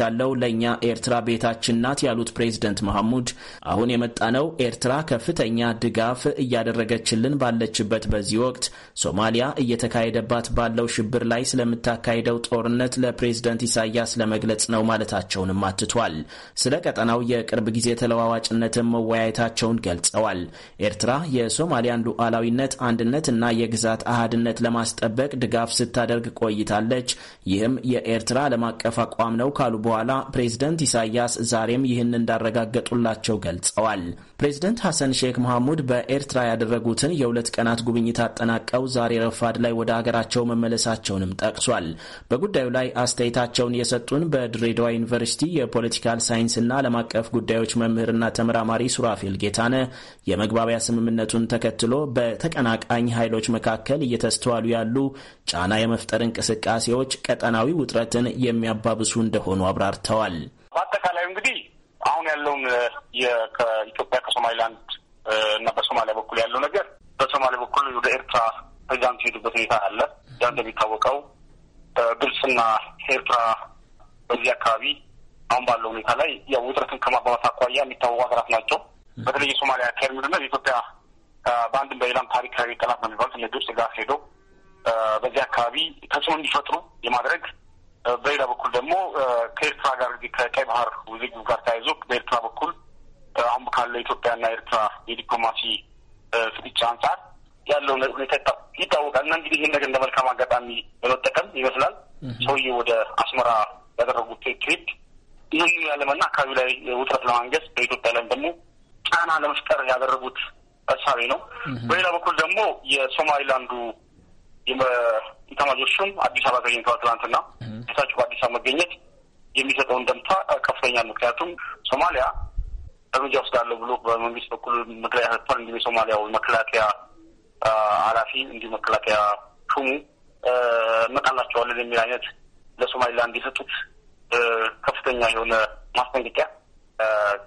ያለው ለእኛ ኤርትራ ቤታችን ናት ያሉት ፕሬዝደንት መሐሙድ አሁን የመጣነው ኤርትራ ከፍተኛ ድጋፍ እያደረገችልን ባለችበት በ በዚህ ወቅት ሶማሊያ እየተካሄደባት ባለው ሽብር ላይ ስለምታካሄደው ጦርነት ለፕሬዝደንት ኢሳያስ ለመግለጽ ነው ማለታቸውንም አትቷል። ስለ ቀጠናው የቅርብ ጊዜ ተለዋዋጭነትን መወያየታቸውን ገልጸዋል። ኤርትራ የሶማሊያን ሉዓላዊነት አንድነትና የግዛት አህድነት ለማስጠበቅ ድጋፍ ስታደርግ ቆይታለች። ይህም የኤርትራ ዓለም አቀፍ አቋም ነው ካሉ በኋላ ፕሬዝደንት ኢሳያስ ዛሬም ይህን እንዳረጋገጡላቸው ገልጸዋል። ፕሬዚደንት ሐሰን ሼክ መሐሙድ በኤርትራ ያደረጉትን የሁለት ቀናት ጉብኝት አጠናቀው ዛሬ ረፋድ ላይ ወደ ሀገራቸው መመለሳቸውንም ጠቅሷል። በጉዳዩ ላይ አስተያየታቸውን የሰጡን በድሬዳዋ ዩኒቨርሲቲ የፖለቲካል ሳይንስና ዓለም አቀፍ ጉዳዮች መምህርና ተመራማሪ ሱራፌል ጌታነ የመግባቢያ ስምምነቱን ተከትሎ በተቀናቃኝ ኃይሎች መካከል እየተስተዋሉ ያሉ ጫና የመፍጠር እንቅስቃሴዎች ቀጠናዊ ውጥረትን የሚያባብሱ እንደሆኑ አብራርተዋል። በአጠቃላይ እንግዲህ አሁን ያለውን ከኢትዮጵያ ከሶማሊላንድ እና በሶማሊያ በኩል ያለው ነገር በሶማሊያ በኩል ወደ ኤርትራ ፕሬዚዳንት ሄዱበት ሁኔታ አለ። ያ እንደሚታወቀው ግብጽና ኤርትራ በዚህ አካባቢ አሁን ባለው ሁኔታ ላይ ያው ውጥረትን ከማባባት አኳያ የሚታወቁ ሀገራት ናቸው። በተለይ የሶማሊያ አካሄድ ምንድን ነው? የኢትዮጵያ በአንድም በሌላም ታሪካዊ ጠላት ነው የሚባሉት እነ ግብጽ ጋር ሄዶ በዚህ አካባቢ ተጽዕኖ እንዲፈጥሩ የማድረግ በሌላ በኩል ደግሞ ከኤርትራ ጋር እንግዲህ ከቀይ ባህር ውዝግብ ጋር ተያይዞ በኤርትራ በኩል አሁን ካለ ኢትዮጵያና ኤርትራ የዲፕሎማሲ ፍጥጫ አንጻር ያለውን ሁኔታ ይታወቃል። እና እንግዲህ ይህን ነገር እንደ መልካም አጋጣሚ በመጠቀም ይመስላል ሰውዬ ወደ አስመራ ያደረጉት ትሪፕ ይህን ያለመና አካባቢ ላይ ውጥረት ለማንገስ በኢትዮጵያ ላይም ደግሞ ጫና ለመፍጠር ያደረጉት እሳቤ ነው። በሌላ በኩል ደግሞ የሶማሊላንዱ የኢታማዦር ሹም አዲስ አበባ ተገኝተዋል። ትናንትና እሳቸው በአዲስ አበባ መገኘት የሚሰጠው እንደምታ ከፍተኛ ምክንያቱም ሶማሊያ እርምጃ ወስዳለሁ ብሎ በመንግስት በኩል መግለጫ ሰጥቷል። እንዲሁም የሶማሊያው መከላከያ ኃላፊ እንዲሁም መከላከያ ሹሙ እመጣላቸዋለን የሚል አይነት ለሶማሊላንድ የሰጡት ከፍተኛ የሆነ ማስጠንቀቂያ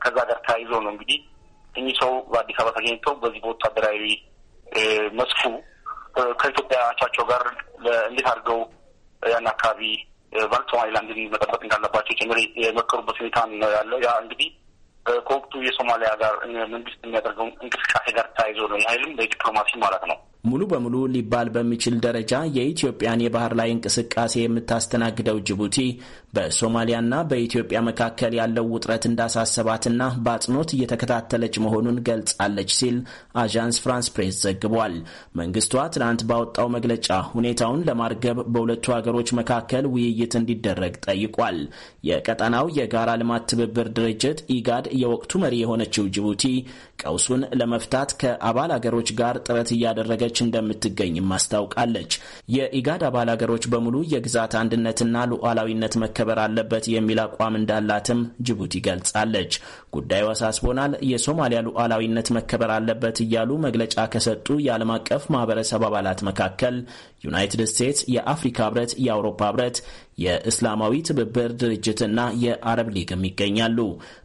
ከዛ ጋር ተያይዞ ነው እንግዲህ እኚህ ሰው በአዲስ አበባ ተገኝተው በዚህ በወታደራዊ መስኩ ከኢትዮጵያ አቻቸው ጋር እንዴት አድርገው ያን አካባቢ ባልት መጠበቅ እንዳለባቸው ጭምር የመከሩበት ሁኔታ ነው ያለው። ያ እንግዲህ ከወቅቱ የሶማሊያ ጋር መንግስት የሚያደርገው እንቅስቃሴ ጋር ተያይዞ ነው የሀይልም በዲፕሎማሲ ማለት ነው። ሙሉ በሙሉ ሊባል በሚችል ደረጃ የኢትዮጵያን የባህር ላይ እንቅስቃሴ የምታስተናግደው ጅቡቲ በሶማሊያና በኢትዮጵያ መካከል ያለው ውጥረት እንዳሳሰባትና በአጽንኦት እየተከታተለች መሆኑን ገልጻለች ሲል አዣንስ ፍራንስ ፕሬስ ዘግቧል። መንግስቷ ትናንት ባወጣው መግለጫ ሁኔታውን ለማርገብ በሁለቱ ሀገሮች መካከል ውይይት እንዲደረግ ጠይቋል። የቀጠናው የጋራ ልማት ትብብር ድርጅት ኢጋድ የወቅቱ መሪ የሆነችው ጅቡቲ ቀውሱን ለመፍታት ከአባል አገሮች ጋር ጥረት እያደረገች እንደምትገኝም አስታውቃለች። የኢጋድ አባል አገሮች በሙሉ የግዛት አንድነትና ሉዓላዊነት መከ መከበር አለበት የሚል አቋም እንዳላትም ጅቡቲ ገልጻለች። ጉዳዩ አሳስቦናል፣ የሶማሊያ ሉዓላዊነት መከበር አለበት እያሉ መግለጫ ከሰጡ የዓለም አቀፍ ማህበረሰብ አባላት መካከል ዩናይትድ ስቴትስ፣ የአፍሪካ ህብረት፣ የአውሮፓ ህብረት፣ የእስላማዊ ትብብር ድርጅትና የአረብ ሊግም ይገኛሉ።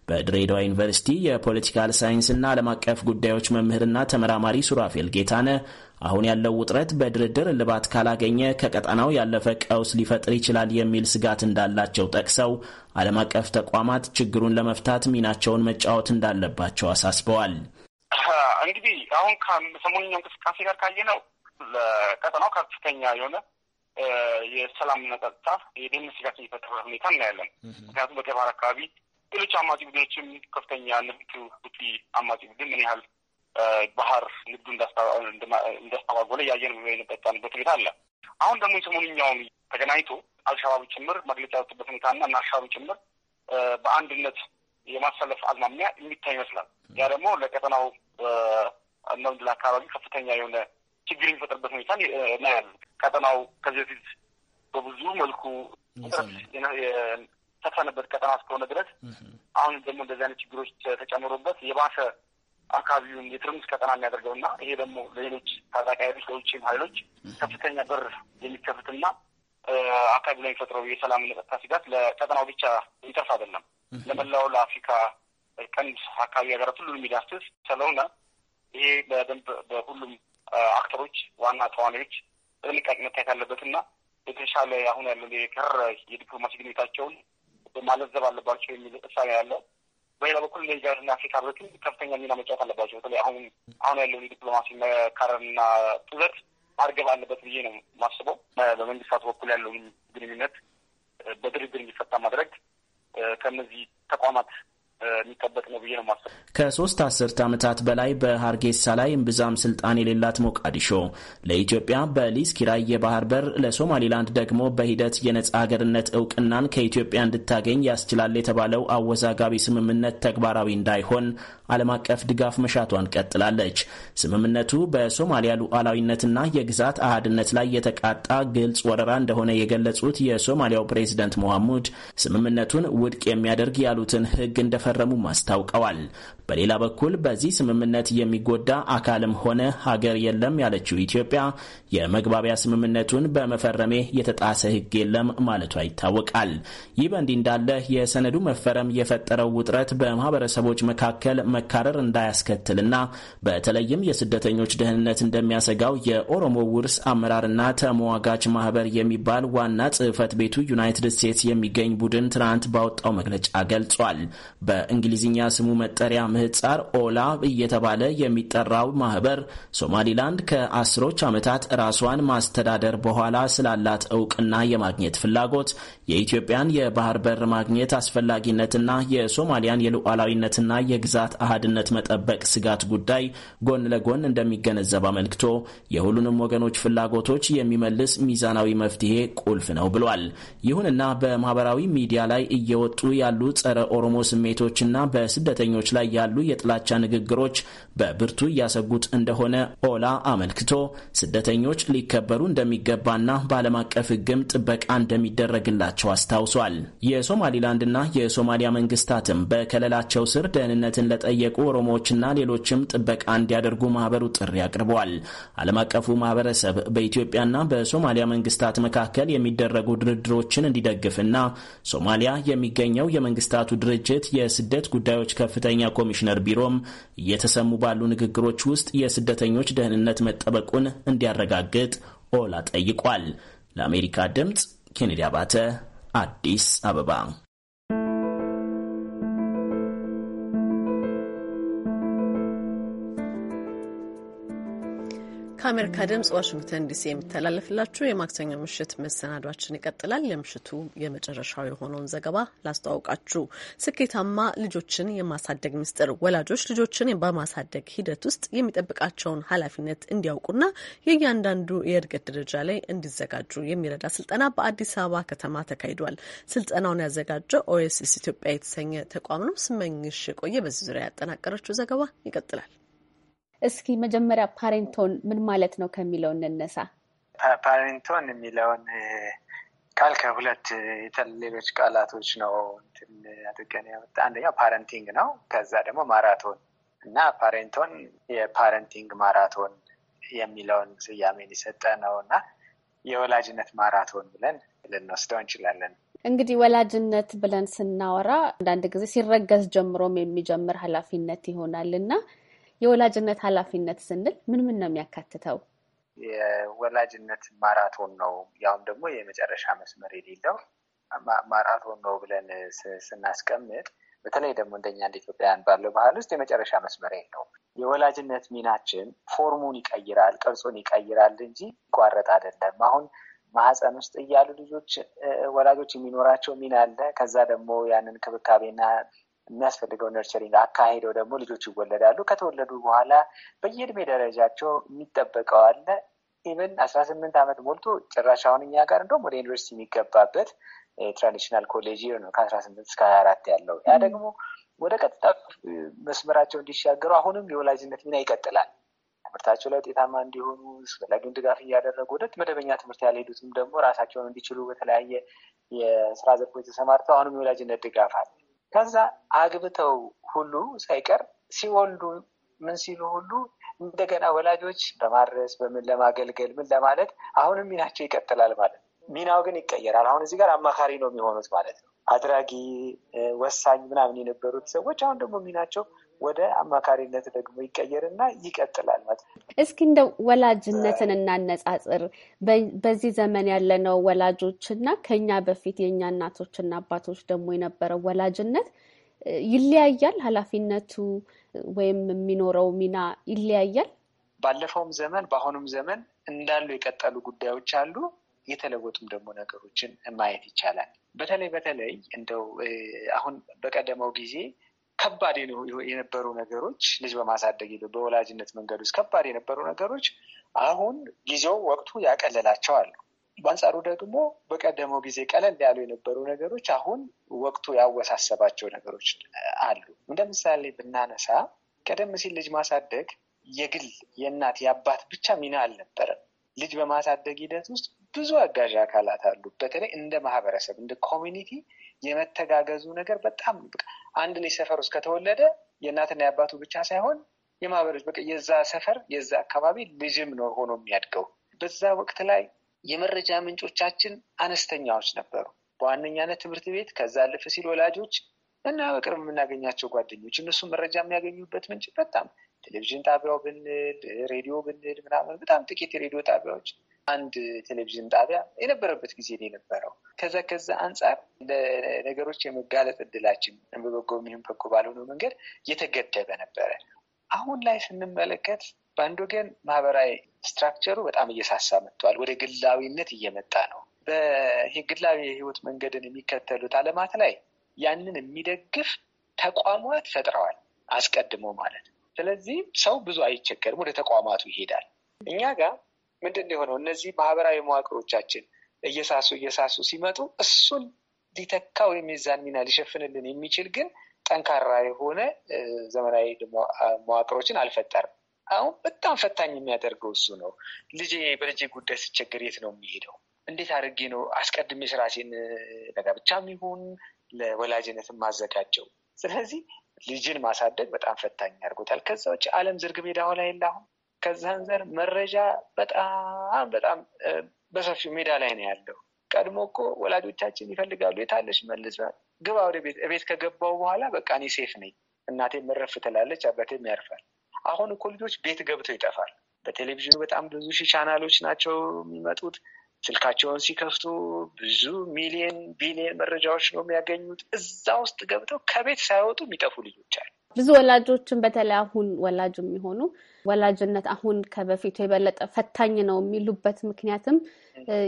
በድሬዳዋ ዩኒቨርሲቲ የፖለቲካል ሳይንስና ዓለም አቀፍ ጉዳዮች መምህርና ተመራማሪ ሱራፌል ጌታነ አሁን ያለው ውጥረት በድርድር እልባት ካላገኘ ከቀጠናው ያለፈ ቀውስ ሊፈጥር ይችላል የሚል ስጋት እንዳላቸው ጠቅሰው ዓለም አቀፍ ተቋማት ችግሩን ለመፍታት ሚናቸውን መጫወት እንዳለባቸው አሳስበዋል። እንግዲህ አሁን ከሰሞኑኛው እንቅስቃሴ ጋር ካየ ነው ለቀጠናው ከፍተኛ የሆነ የሰላም ጸጥታ የደህንነት ስጋት እየፈጠረ ሁኔታ እናያለን። ምክንያቱም በቀይ ባህር አካባቢ ሌሎች አማጺ ቡድኖችም ከፍተኛ ንብቱ ሁቲ አማጺ ቡድን ምን ያህል ባህር ንግዱ እንዳስተጓጎለ እያየን የመጣንበት ሁኔታ አለ። አሁን ደግሞ የሰሞንኛውን ተገናኝቶ አልሸባብ ጭምር መግለጫ ያወጡበት ሁኔታና እና አልሸባብ ጭምር በአንድነት የማሰለፍ አዝማሚያ የሚታይ ይመስላል። ያ ደግሞ ለቀጠናው እና አካባቢ ከፍተኛ የሆነ ችግር የሚፈጥርበት ሁኔታ እናያለን። ቀጠናው ከዚህ በፊት በብዙ መልኩ ሰፈነበት ቀጠና እስከሆነ ድረስ አሁን ደግሞ እንደዚህ አይነት ችግሮች ተጨምሮበት የባሰ አካባቢውን የትርምስ ቀጠና የሚያደርገው የሚያደርገውና ይሄ ደግሞ ለሌሎች ታጣቂ ኃይሎች ለውጭም ኃይሎች ከፍተኛ በር የሚከፍትና አካባቢ ላይ የሚፈጥረው የሰላም ጸጥታ ስጋት ለቀጠናው ብቻ የሚጠርፍ አይደለም። ለመላው ለአፍሪካ ቀንድ አካባቢ ሀገራት ሁሉ የሚዳስስ ስለሆነ ይሄ በደንብ በሁሉም አክተሮች ዋና ተዋናዮች በጥንቃቄ መታየት አለበትና የተሻለ አሁን ያለ የከረ የዲፕሎማሲ ግንኙነታቸውን ማለዘብ አለባቸው የሚል እሳቤ ያለው በሌላ በኩል ሌጃርና አፍሪካ ህብረትም ከፍተኛ ሚና መጫወት አለባቸው። በተለይ አሁን አሁን ያለውን የዲፕሎማሲ መካረንና ጥረት ማርገብ አለበት ብዬ ነው ማስበው። በመንግስታቱ በኩል ያለውን ግንኙነት በድርድር እንዲፈታ ማድረግ ከነዚህ ተቋማት የሚጠበቅ ነው ብዬ ነው ማሰብ። ከሶስት አስርት ዓመታት በላይ በሀርጌሳ ላይ እምብዛም ስልጣን የሌላት ሞቃዲሾ ለኢትዮጵያ በሊዝ ኪራይ የባህር በር፣ ለሶማሊላንድ ደግሞ በሂደት የነጻ ሀገርነት እውቅናን ከኢትዮጵያ እንድታገኝ ያስችላል የተባለው አወዛጋቢ ስምምነት ተግባራዊ እንዳይሆን ዓለም አቀፍ ድጋፍ መሻቷን ቀጥላለች። ስምምነቱ በሶማሊያ ሉዓላዊነትና የግዛት አህድነት ላይ የተቃጣ ግልጽ ወረራ እንደሆነ የገለጹት የሶማሊያው ፕሬዚደንት ሞሐሙድ ስምምነቱን ውድቅ የሚያደርግ ያሉትን ህግ እንደፈ እንደፈረሙም አስታውቀዋል። በሌላ በኩል በዚህ ስምምነት የሚጎዳ አካልም ሆነ ሀገር የለም ያለችው ኢትዮጵያ የመግባቢያ ስምምነቱን በመፈረሜ የተጣሰ ሕግ የለም ማለቷ ይታወቃል። ይህ በእንዲህ እንዳለ የሰነዱ መፈረም የፈጠረው ውጥረት በማህበረሰቦች መካከል መካረር እንዳያስከትልና በተለይም የስደተኞች ደህንነት እንደሚያሰጋው የኦሮሞ ውርስ አመራርና ተመዋጋች ማህበር የሚባል ዋና ጽህፈት ቤቱ ዩናይትድ ስቴትስ የሚገኝ ቡድን ትናንት ባወጣው መግለጫ ገልጿል። በእንግሊዝኛ ስሙ መጠሪያ ምህጻር ኦላ እየተባለ የሚጠራው ማህበር ሶማሊላንድ ከአስሮች ዓመታት ራሷን ማስተዳደር በኋላ ስላላት እውቅና የማግኘት ፍላጎት የኢትዮጵያን የባህር በር ማግኘት አስፈላጊነትና የሶማሊያን የሉዓላዊነትና የግዛት አህድነት መጠበቅ ስጋት ጉዳይ ጎን ለጎን እንደሚገነዘብ አመልክቶ የሁሉንም ወገኖች ፍላጎቶች የሚመልስ ሚዛናዊ መፍትሄ ቁልፍ ነው ብሏል። ይሁንና በማህበራዊ ሚዲያ ላይ እየወጡ ያሉ ጸረ ኦሮሞ ስሜቶች በተዋጊዎችና በስደተኞች ላይ ያሉ የጥላቻ ንግግሮች በብርቱ እያሰጉት እንደሆነ ኦላ አመልክቶ ስደተኞች ሊከበሩ እንደሚገባና በዓለም አቀፍ ሕግም ጥበቃ እንደሚደረግላቸው አስታውሷል። የሶማሊላንድና የሶማሊያ መንግስታትም በከለላቸው ስር ደህንነትን ለጠየቁ ኦሮሞዎችና ሌሎችም ጥበቃ እንዲያደርጉ ማህበሩ ጥሪ አቅርበዋል። ዓለም አቀፉ ማህበረሰብ በኢትዮጵያና በሶማሊያ መንግስታት መካከል የሚደረጉ ድርድሮችን እንዲደግፍና ሶማሊያ የሚገኘው የመንግስታቱ ድርጅት የስ የስደት ጉዳዮች ከፍተኛ ኮሚሽነር ቢሮም እየተሰሙ ባሉ ንግግሮች ውስጥ የስደተኞች ደህንነት መጠበቁን እንዲያረጋግጥ ኦላ ጠይቋል። ለአሜሪካ ድምፅ ኬኔዲ አባተ አዲስ አበባ ከአሜሪካ ድምጽ ዋሽንግተን ዲሲ የሚተላለፍላችሁ የማክሰኞ ምሽት መሰናዷችን ይቀጥላል። የምሽቱ የመጨረሻው የሆነውን ዘገባ ላስተዋውቃችሁ። ስኬታማ ልጆችን የማሳደግ ምስጢር፣ ወላጆች ልጆችን በማሳደግ ሂደት ውስጥ የሚጠብቃቸውን ኃላፊነት እንዲያውቁና የእያንዳንዱ የእድገት ደረጃ ላይ እንዲዘጋጁ የሚረዳ ስልጠና በአዲስ አበባ ከተማ ተካሂዷል። ስልጠናውን ያዘጋጀው ኦኤስስ ኢትዮጵያ የተሰኘ ተቋም ነው። ስመኝሽ የቆየ በዚህ ዙሪያ ያጠናቀረችው ዘገባ ይቀጥላል። እስኪ መጀመሪያ ፓሬንቶን ምን ማለት ነው ከሚለው እንነሳ። ፓሬንቶን የሚለውን ቃል ከሁለት ሌሎች ቃላቶች ነው አድርገን ያመጣ። አንደኛው ፓረንቲንግ ነው። ከዛ ደግሞ ማራቶን እና ፓሬንቶን የፓረንቲንግ ማራቶን የሚለውን ስያሜን የሰጠ ነው እና የወላጅነት ማራቶን ብለን ልንወስደው እንችላለን። እንግዲህ ወላጅነት ብለን ስናወራ አንዳንድ ጊዜ ሲረገዝ ጀምሮም የሚጀምር ኃላፊነት ይሆናል እና የወላጅነት ኃላፊነት ስንል ምን ምን ነው የሚያካትተው? የወላጅነት ማራቶን ነው ያውም ደግሞ የመጨረሻ መስመር የሌለው ማራቶን ነው ብለን ስናስቀምጥ በተለይ ደግሞ እንደኛ እንደ ኢትዮጵያውያን ባለው ባህል ውስጥ የመጨረሻ መስመር የለውም። የወላጅነት ሚናችን ፎርሙን ይቀይራል፣ ቅርጹን ይቀይራል እንጂ ይቋረጥ አይደለም። አሁን ማህፀን ውስጥ እያሉ ልጆች ወላጆች የሚኖራቸው ሚና አለ። ከዛ ደግሞ ያንን ክብካቤና የሚያስፈልገው ነርቸሪንግ አካሄደው ደግሞ ልጆች ይወለዳሉ። ከተወለዱ በኋላ በየእድሜ ደረጃቸው የሚጠበቀው አለ። ኢቨን አስራ ስምንት ዓመት ሞልቶ ጭራሽ አሁን እኛ ጋር እንደውም ወደ ዩኒቨርሲቲ የሚገባበት ትራዲሽናል ኮሌጅ ነው ከአስራ ስምንት እስከ ሀያ አራት ያለው ያ ደግሞ ወደ ቀጥታ መስመራቸው እንዲሻገሩ አሁንም የወላጅነት ሚና ይቀጥላል። ትምህርታቸው ላይ ውጤታማ እንዲሆኑ አስፈላጊውን ድጋፍ እያደረጉ ወደ መደበኛ ትምህርት ያልሄዱትም ደግሞ ራሳቸውን እንዲችሉ በተለያየ የስራ ዘርፎች ተሰማርተው አሁንም የወላጅነት ድጋፍ አለ። ከዛ አግብተው ሁሉ ሳይቀር ሲወልዱ ምን ሲሉ ሁሉ እንደገና ወላጆች በማድረስ በምን ለማገልገል ምን ለማለት አሁንም ሚናቸው ይቀጥላል ማለት ነው። ሚናው ግን ይቀየራል። አሁን እዚህ ጋር አማካሪ ነው የሚሆኑት ማለት ነው። አድራጊ ወሳኝ ምናምን የነበሩት ሰዎች አሁን ደግሞ ሚናቸው ወደ አማካሪነት ደግሞ ይቀየርና ይቀጥላል ማለት ነው። እስኪ እንደ ወላጅነትን እናነጻጽር። በዚህ ዘመን ያለነው ወላጆች እና ከኛ በፊት የእኛ እናቶችና አባቶች ደግሞ የነበረው ወላጅነት ይለያያል። ኃላፊነቱ ወይም የሚኖረው ሚና ይለያያል። ባለፈውም ዘመን በአሁኑም ዘመን እንዳሉ የቀጠሉ ጉዳዮች አሉ። የተለወጡም ደግሞ ነገሮችን ማየት ይቻላል። በተለይ በተለይ እንደው አሁን በቀደመው ጊዜ ከባድ የነበሩ ነገሮች ልጅ በማሳደግ በወላጅነት መንገድ ውስጥ ከባድ የነበሩ ነገሮች አሁን ጊዜው ወቅቱ ያቀለላቸው አሉ። በአንጻሩ ደግሞ በቀደመው ጊዜ ቀለል ያሉ የነበሩ ነገሮች አሁን ወቅቱ ያወሳሰባቸው ነገሮች አሉ። እንደ ምሳሌ ብናነሳ ቀደም ሲል ልጅ ማሳደግ የግል የእናት የአባት ብቻ ሚና አልነበረም። ልጅ በማሳደግ ሂደት ውስጥ ብዙ አጋዥ አካላት አሉ። በተለይ እንደ ማህበረሰብ እንደ ኮሚኒቲ የመተጋገዙ ነገር በጣም አንድ ልጅ ሰፈር ውስጥ ከተወለደ የእናትና የአባቱ ብቻ ሳይሆን የማህበሮች በቃ የዛ ሰፈር የዛ አካባቢ ልጅም ነው ሆኖ የሚያድገው። በዛ ወቅት ላይ የመረጃ ምንጮቻችን አነስተኛዎች ነበሩ። በዋነኛነት ትምህርት ቤት፣ ከዛ ልፍ ሲል ወላጆች እና በቅርብ የምናገኛቸው ጓደኞች፣ እነሱ መረጃ የሚያገኙበት ምንጭ በጣም ቴሌቪዥን ጣቢያው ብንል ሬዲዮ ብንል ምናምን በጣም ጥቂት የሬዲዮ ጣቢያዎች አንድ ቴሌቪዥን ጣቢያ የነበረበት ጊዜ ነው የነበረው። ከዛ ከዛ አንጻር ለነገሮች የመጋለጥ እድላችን በበጎ የሚሆን በጎ ባልሆነው መንገድ እየተገደበ ነበረ። አሁን ላይ ስንመለከት በአንድ ወገን ማህበራዊ ስትራክቸሩ በጣም እየሳሳ መጥቷል። ወደ ግላዊነት እየመጣ ነው። በግላዊ የህይወት መንገድን የሚከተሉት አለማት ላይ ያንን የሚደግፍ ተቋማት ፈጥረዋል። አስቀድሞ ማለት ነው ስለዚህ ሰው ብዙ አይቸገርም፣ ወደ ተቋማቱ ይሄዳል። እኛ ጋር ምንድን የሆነው እነዚህ ማህበራዊ መዋቅሮቻችን እየሳሱ እየሳሱ ሲመጡ እሱን ሊተካ ወይም የዛን ሚና ሊሸፍንልን የሚችል ግን ጠንካራ የሆነ ዘመናዊ መዋቅሮችን አልፈጠርም። አሁን በጣም ፈታኝ የሚያደርገው እሱ ነው። ል በልጅ ጉዳይ ስቸገር የት ነው የሚሄደው? እንዴት አድርጌ ነው አስቀድሜ ስራሴን ለጋብቻም ይሁን ለወላጅነት ማዘጋጀው? ስለዚህ ልጅን ማሳደግ በጣም ፈታኝ አድርጎታል። ከዛ ውጭ ዓለም ዝርግ ሜዳ ሆና የለ አሁን ከዛን ዘር መረጃ በጣም በጣም በሰፊው ሜዳ ላይ ነው ያለው። ቀድሞ እኮ ወላጆቻችን ይፈልጋሉ የታለች መልስ ግባ ወደ ቤት ቤት ከገባው በኋላ በቃ እኔ ሴፍ ነኝ፣ እናቴ መረፍ ትላለች፣ አባቴም ያርፋል። አሁን እኮ ልጆች ቤት ገብተው ይጠፋል። በቴሌቪዥኑ በጣም ብዙ ሺ ቻናሎች ናቸው የሚመጡት ስልካቸውን ሲከፍቱ ብዙ ሚሊየን ቢሊየን መረጃዎች ነው የሚያገኙት። እዛ ውስጥ ገብተው ከቤት ሳይወጡ የሚጠፉ ልጆች አሉ። ብዙ ወላጆችን በተለይ አሁን ወላጅ የሚሆኑ ወላጅነት አሁን ከበፊቱ የበለጠ ፈታኝ ነው የሚሉበት ምክንያትም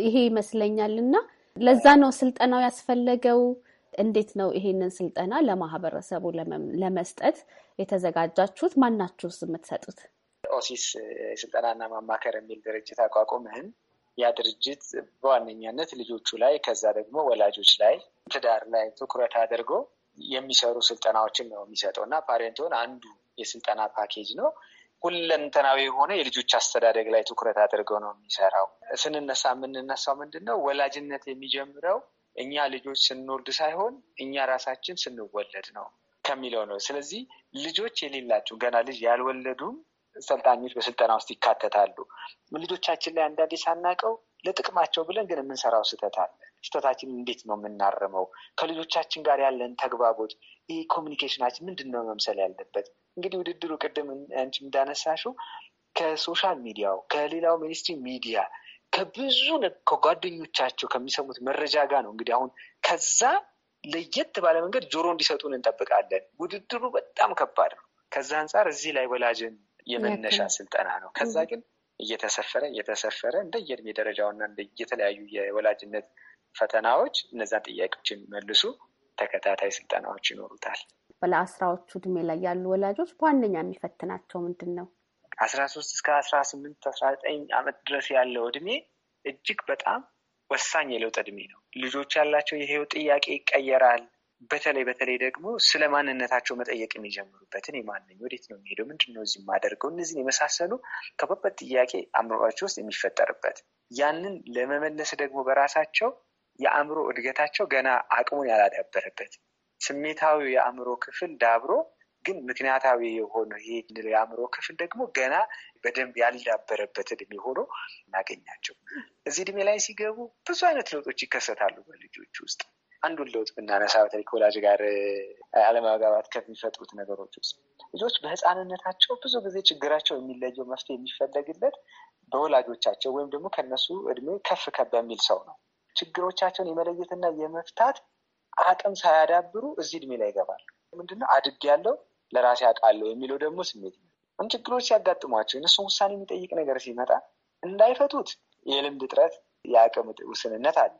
ይሄ ይመስለኛል። እና ለዛ ነው ስልጠናው ያስፈለገው። እንዴት ነው ይሄንን ስልጠና ለማህበረሰቡ ለመስጠት የተዘጋጃችሁት? ማናችሁስ የምትሰጡት? ኦሲስ ስልጠናና ማማከር የሚል ድርጅት አቋቁምህን ያ ድርጅት በዋነኛነት ልጆቹ ላይ ከዛ ደግሞ ወላጆች ላይ ትዳር ላይ ትኩረት አድርጎ የሚሰሩ ስልጠናዎችን ነው የሚሰጠው እና ፓሬንትሆን አንዱ የስልጠና ፓኬጅ ነው። ሁለንተናዊ የሆነ የልጆች አስተዳደግ ላይ ትኩረት አድርገው ነው የሚሰራው። ስንነሳ የምንነሳው ምንድን ነው ወላጅነት የሚጀምረው እኛ ልጆች ስንወልድ ሳይሆን እኛ ራሳችን ስንወለድ ነው ከሚለው ነው። ስለዚህ ልጆች የሌላቸው ገና ልጅ ያልወለዱም ሰልጣኞች በስልጠና ውስጥ ይካተታሉ። ልጆቻችን ላይ አንዳንዴ ሳናቀው ለጥቅማቸው ብለን ግን የምንሰራው ስህተት አለ። ስህተታችን እንዴት ነው የምናርመው? ከልጆቻችን ጋር ያለን ተግባቦት፣ ይህ ኮሚኒኬሽናችን ምንድን ነው መምሰል ያለበት? እንግዲህ ውድድሩ ቅድም አንቺ እንዳነሳሽው ከሶሻል ሚዲያው ከሌላው ሚኒስትሪ ሚዲያ ከብዙ ከጓደኞቻቸው ከሚሰሙት መረጃ ጋር ነው እንግዲህ አሁን ከዛ ለየት ባለ መንገድ ጆሮ እንዲሰጡን እንጠብቃለን። ውድድሩ በጣም ከባድ ነው። ከዛ አንጻር እዚህ ላይ ወላጅን የመነሻ ስልጠና ነው። ከዛ ግን እየተሰፈረ እየተሰፈረ እንደየእድሜ ደረጃውና የተለያዩ የወላጅነት ፈተናዎች እነዛን ጥያቄዎች የሚመልሱ ተከታታይ ስልጠናዎች ይኖሩታል። በለአስራዎቹ እድሜ ላይ ያሉ ወላጆች በዋነኛ የሚፈትናቸው ምንድን ነው? አስራ ሶስት እስከ አስራ ስምንት አስራ ዘጠኝ ዓመት ድረስ ያለው እድሜ እጅግ በጣም ወሳኝ የለውጥ እድሜ ነው። ልጆች ያላቸው የህይወት ጥያቄ ይቀየራል። በተለይ በተለይ ደግሞ ስለ ማንነታቸው መጠየቅ የሚጀምሩበትን የማንኝ ወዴት ነው የሚሄደው፣ ምንድን ነው እዚህ የማደርገው፣ እነዚህን የመሳሰሉ ከበበት ጥያቄ አእምሮቸው ውስጥ የሚፈጠርበት ያንን ለመመለስ ደግሞ በራሳቸው የአእምሮ እድገታቸው ገና አቅሙን ያላዳበረበት ስሜታዊ የአእምሮ ክፍል ዳብሮ ግን ምክንያታዊ የሆነ ይሄ የአእምሮ ክፍል ደግሞ ገና በደንብ ያልዳበረበት እድሜ ሆኖ እናገኛቸው። እዚህ እድሜ ላይ ሲገቡ ብዙ አይነት ለውጦች ይከሰታሉ በልጆች ውስጥ አንዱን ለውጥ ብናነሳ በተለይ ከወላጅ ጋር አለመግባባት ከሚፈጥሩት ነገሮች ውስጥ ልጆች በህፃንነታቸው ብዙ ጊዜ ችግራቸው የሚለየው መፍትሄ የሚፈለግለት በወላጆቻቸው ወይም ደግሞ ከነሱ እድሜ ከፍ በሚል ሰው ነው። ችግሮቻቸውን የመለየትና የመፍታት አቅም ሳያዳብሩ እዚህ እድሜ ላይ ይገባል። ምንድነው አድግ ያለው ለራሴ አውቃለሁ የሚለው ደግሞ ስሜት ነው። ችግሮች ሲያጋጥሟቸው እነሱን ውሳኔ የሚጠይቅ ነገር ሲመጣ እንዳይፈቱት የልምድ እጥረት፣ የአቅም ውስንነት አለ።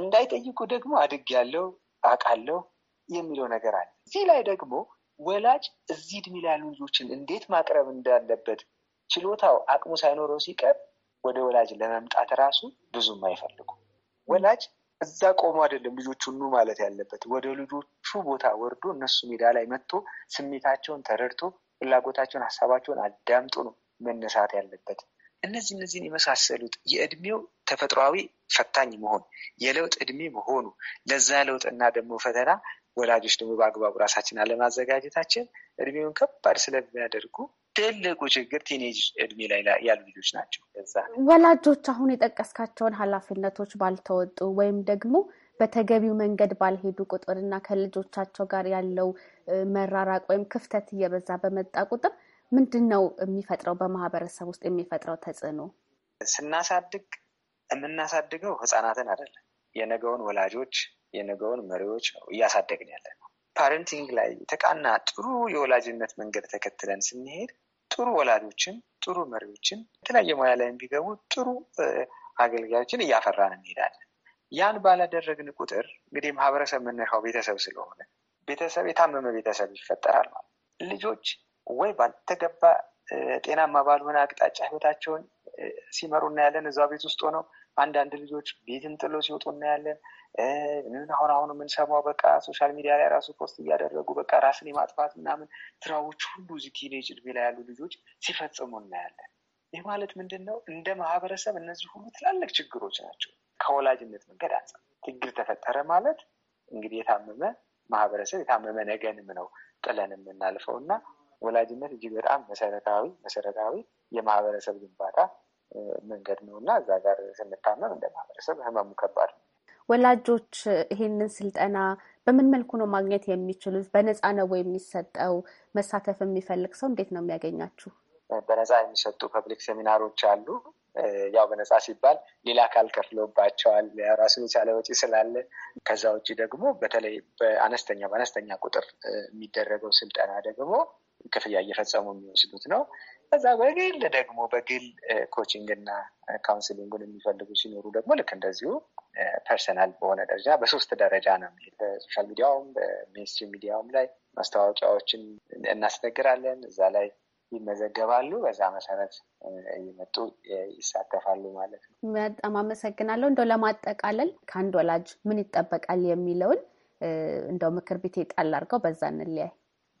እንዳይጠይቁ ደግሞ ያለው አቃለው የሚለው ነገር አለ። እዚህ ላይ ደግሞ ወላጅ እዚህ እድሜ ላይ ያሉ ልጆችን እንዴት ማቅረብ እንዳለበት ችሎታው አቅሙ ሳይኖረው ሲቀር ወደ ወላጅ ለመምጣት ራሱ ብዙም አይፈልጉ። ወላጅ እዛ ቆሞ አይደለም ልጆቹ ኑ ማለት ያለበት፣ ወደ ልጆቹ ቦታ ወርዶ እነሱ ሜዳ ላይ መጥቶ ስሜታቸውን ተረድቶ ፍላጎታቸውን፣ ሀሳባቸውን አዳምጦ ነው መነሳት ያለበት። እነዚህ እነዚህን የመሳሰሉት የእድሜው ተፈጥሯዊ ፈታኝ መሆን የለውጥ እድሜ መሆኑ ለዛ ለውጥና ደግሞ ፈተና ወላጆች ደግሞ በአግባቡ ራሳችን አለማዘጋጀታችን እድሜውን ከባድ ስለሚያደርጉ ትልቁ ችግር ቲኔጅ እድሜ ላይ ያሉ ልጆች ናቸው። ዛ ወላጆች አሁን የጠቀስካቸውን ኃላፊነቶች ባልተወጡ ወይም ደግሞ በተገቢው መንገድ ባልሄዱ ቁጥር እና ከልጆቻቸው ጋር ያለው መራራቅ ወይም ክፍተት እየበዛ በመጣ ቁጥር ምንድን ነው የሚፈጥረው? በማህበረሰብ ውስጥ የሚፈጥረው ተጽዕኖ ስናሳድግ የምናሳድገው ህፃናትን አይደለም፣ የነገውን ወላጆች የነገውን መሪዎች ነው እያሳደግን ያለ ነው። ፓረንቲንግ ላይ ተቃና ጥሩ የወላጅነት መንገድ ተከትለን ስንሄድ ጥሩ ወላጆችን፣ ጥሩ መሪዎችን፣ የተለያየ ሙያ ላይ ቢገቡ ጥሩ አገልጋዮችን እያፈራን እንሄዳለን። ያን ባላደረግን ቁጥር እንግዲህ ማህበረሰብ መነሻው ቤተሰብ ስለሆነ ቤተሰብ የታመመ ቤተሰብ ይፈጠራል ማለት ልጆች ወይ ባልተገባ ጤናማ ባልሆነ አቅጣጫ ህይወታቸውን ሲመሩ እናያለን። እዛ ቤት ውስጥ ሆነው አንዳንድ ልጆች ቤትን ጥሎ ሲወጡ እናያለን። ምን አሁን አሁን የምንሰማው በቃ ሶሻል ሚዲያ ላይ ራሱ ፖስት እያደረጉ በቃ ራስን የማጥፋት ምናምን ስራዎች ሁሉ እዚህ ቲኔጅ እድሜ ላይ ያሉ ልጆች ሲፈጽሙ እናያለን። ይህ ማለት ምንድን ነው? እንደ ማህበረሰብ እነዚህ ሁሉ ትላልቅ ችግሮች ናቸው። ከወላጅነት መንገድ አንጻር ችግር ተፈጠረ ማለት እንግዲህ የታመመ ማህበረሰብ የታመመ ነገንም ነው ጥለን የምናልፈው እና ወላጅነት እጅግ በጣም መሰረታዊ መሰረታዊ የማህበረሰብ ግንባታ መንገድ ነው እና እዛ ጋር ስንታመም እንደ ማህበረሰብ ህመሙ ከባድ ነው። ወላጆች ይሄንን ስልጠና በምን መልኩ ነው ማግኘት የሚችሉት? በነፃ ነው ወይ የሚሰጠው? መሳተፍ የሚፈልግ ሰው እንዴት ነው የሚያገኛችሁ? በነፃ የሚሰጡ ፐብሊክ ሴሚናሮች አሉ። ያው በነጻ ሲባል ሌላ አካል ከፍሎባቸዋል። ራሱን የቻለ ወጪ ስላለ። ከዛ ውጭ ደግሞ በተለይ በአነስተኛ በአነስተኛ ቁጥር የሚደረገው ስልጠና ደግሞ ክፍያ እየፈጸሙ የሚወስዱት ነው። ከዛ በግል ደግሞ በግል ኮችንግ እና ካውንስሊንግን የሚፈልጉ ሲኖሩ ደግሞ ልክ እንደዚሁ ፐርሰናል በሆነ ደረጃ በሶስት ደረጃ ነው የሚሄድ። በሶሻል ሚዲያውም በሜንስትሪም ሚዲያውም ላይ ማስታወቂያዎችን እናስነግራለን እዛ ላይ ይመዘገባሉ። በዛ መሰረት እየመጡ ይሳተፋሉ ማለት ነው። በጣም አመሰግናለሁ። እንደው ለማጠቃለል ከአንድ ወላጅ ምን ይጠበቃል የሚለውን እንደው ምክር ቤት የጣል አድርገው በዛ እንለያይ።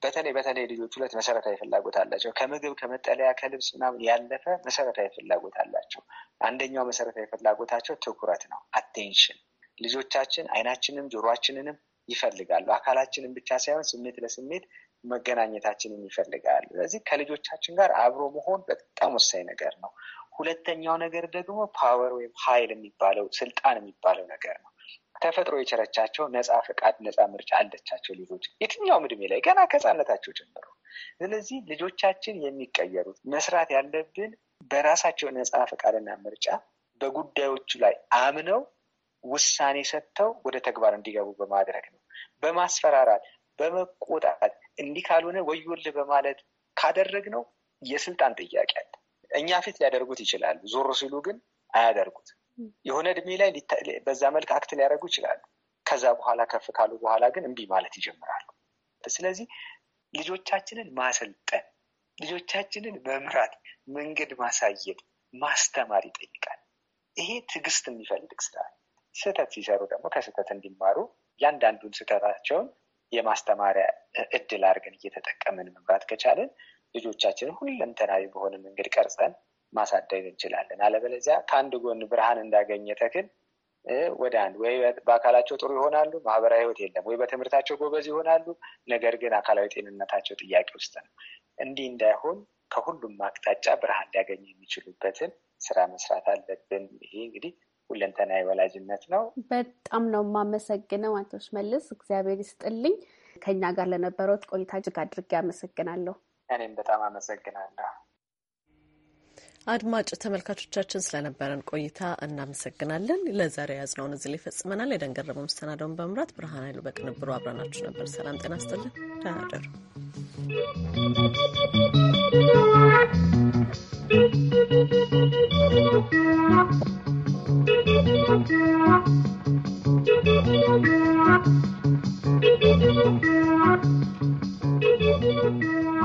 በተለይ በተለይ ልጆች ሁለት መሰረታዊ ፍላጎት አላቸው። ከምግብ ከመጠለያ፣ ከልብስ ምናምን ያለፈ መሰረታዊ ፍላጎት አላቸው። አንደኛው መሰረታዊ ፍላጎታቸው ትኩረት ነው፣ አቴንሽን። ልጆቻችን አይናችንም ጆሮአችንንም ይፈልጋሉ። አካላችንን ብቻ ሳይሆን ስሜት ለስሜት መገናኘታችንን ይፈልጋል። ስለዚህ ከልጆቻችን ጋር አብሮ መሆን በጣም ወሳኝ ነገር ነው። ሁለተኛው ነገር ደግሞ ፓወር ወይም ኃይል የሚባለው ስልጣን የሚባለው ነገር ነው። ተፈጥሮ የቸረቻቸው ነፃ ፈቃድ፣ ነፃ ምርጫ አለቻቸው ልጆች የትኛውም እድሜ ላይ ገና ከህፃነታቸው ጀምሮ። ስለዚህ ልጆቻችን የሚቀየሩት መስራት ያለብን በራሳቸው ነፃ ፈቃድና ምርጫ በጉዳዮቹ ላይ አምነው ውሳኔ ሰጥተው ወደ ተግባር እንዲገቡ በማድረግ ነው። በማስፈራራት በመቆጣት እንዲህ ካልሆነ ወዮልህ በማለት ካደረግ ነው የስልጣን ጥያቄ አለ። እኛ ፊት ሊያደርጉት ይችላሉ፣ ዞር ሲሉ ግን አያደርጉት። የሆነ እድሜ ላይ በዛ መልክ አክት ሊያደርጉ ይችላሉ። ከዛ በኋላ ከፍ ካሉ በኋላ ግን እምቢ ማለት ይጀምራሉ። ስለዚህ ልጆቻችንን ማሰልጠን፣ ልጆቻችንን መምራት፣ መንገድ ማሳየት፣ ማስተማር ይጠይቃል። ይሄ ትዕግስት የሚፈልግ ስራ ስህተት ሲሰሩ ደግሞ ከስህተት እንዲማሩ እያንዳንዱን ስህተታቸውን የማስተማሪያ እድል አድርገን እየተጠቀምን መምራት ከቻለን ልጆቻችንን ሁለንተናዊ በሆነ መንገድ ቀርጸን ማሳደግ እንችላለን። አለበለዚያ ከአንድ ጎን ብርሃን እንዳገኘ ተክል ወደ አንድ ወይ በአካላቸው ጥሩ ይሆናሉ፣ ማህበራዊ ህይወት የለም፣ ወይ በትምህርታቸው ጎበዝ ይሆናሉ፣ ነገር ግን አካላዊ ጤንነታቸው ጥያቄ ውስጥ ነው። እንዲህ እንዳይሆን ከሁሉም አቅጣጫ ብርሃን ሊያገኙ የሚችሉበትን ስራ መስራት አለብን። ይሄ እንግዲህ ሁለንተና ወላጅነት ነው። በጣም ነው የማመሰግነው አቶ ሽመልስ፣ እግዚአብሔር ይስጥልኝ። ከኛ ጋር ለነበረት ቆይታ እጅግ አድርጌ አመሰግናለሁ። እኔም በጣም አመሰግናለሁ። አድማጭ ተመልካቾቻችን ስለነበረን ቆይታ እናመሰግናለን። ለዛሬ ያዝነውን እዚህ ላይ ፈጽመናል። የደንገረመ መስተናደውን በመምራት ብርሃን ኃይሉ በቅንብሩ አብረናችሁ ነበር። ሰላም ጤና ስጥልን። ደህና እደሩ። Thank you.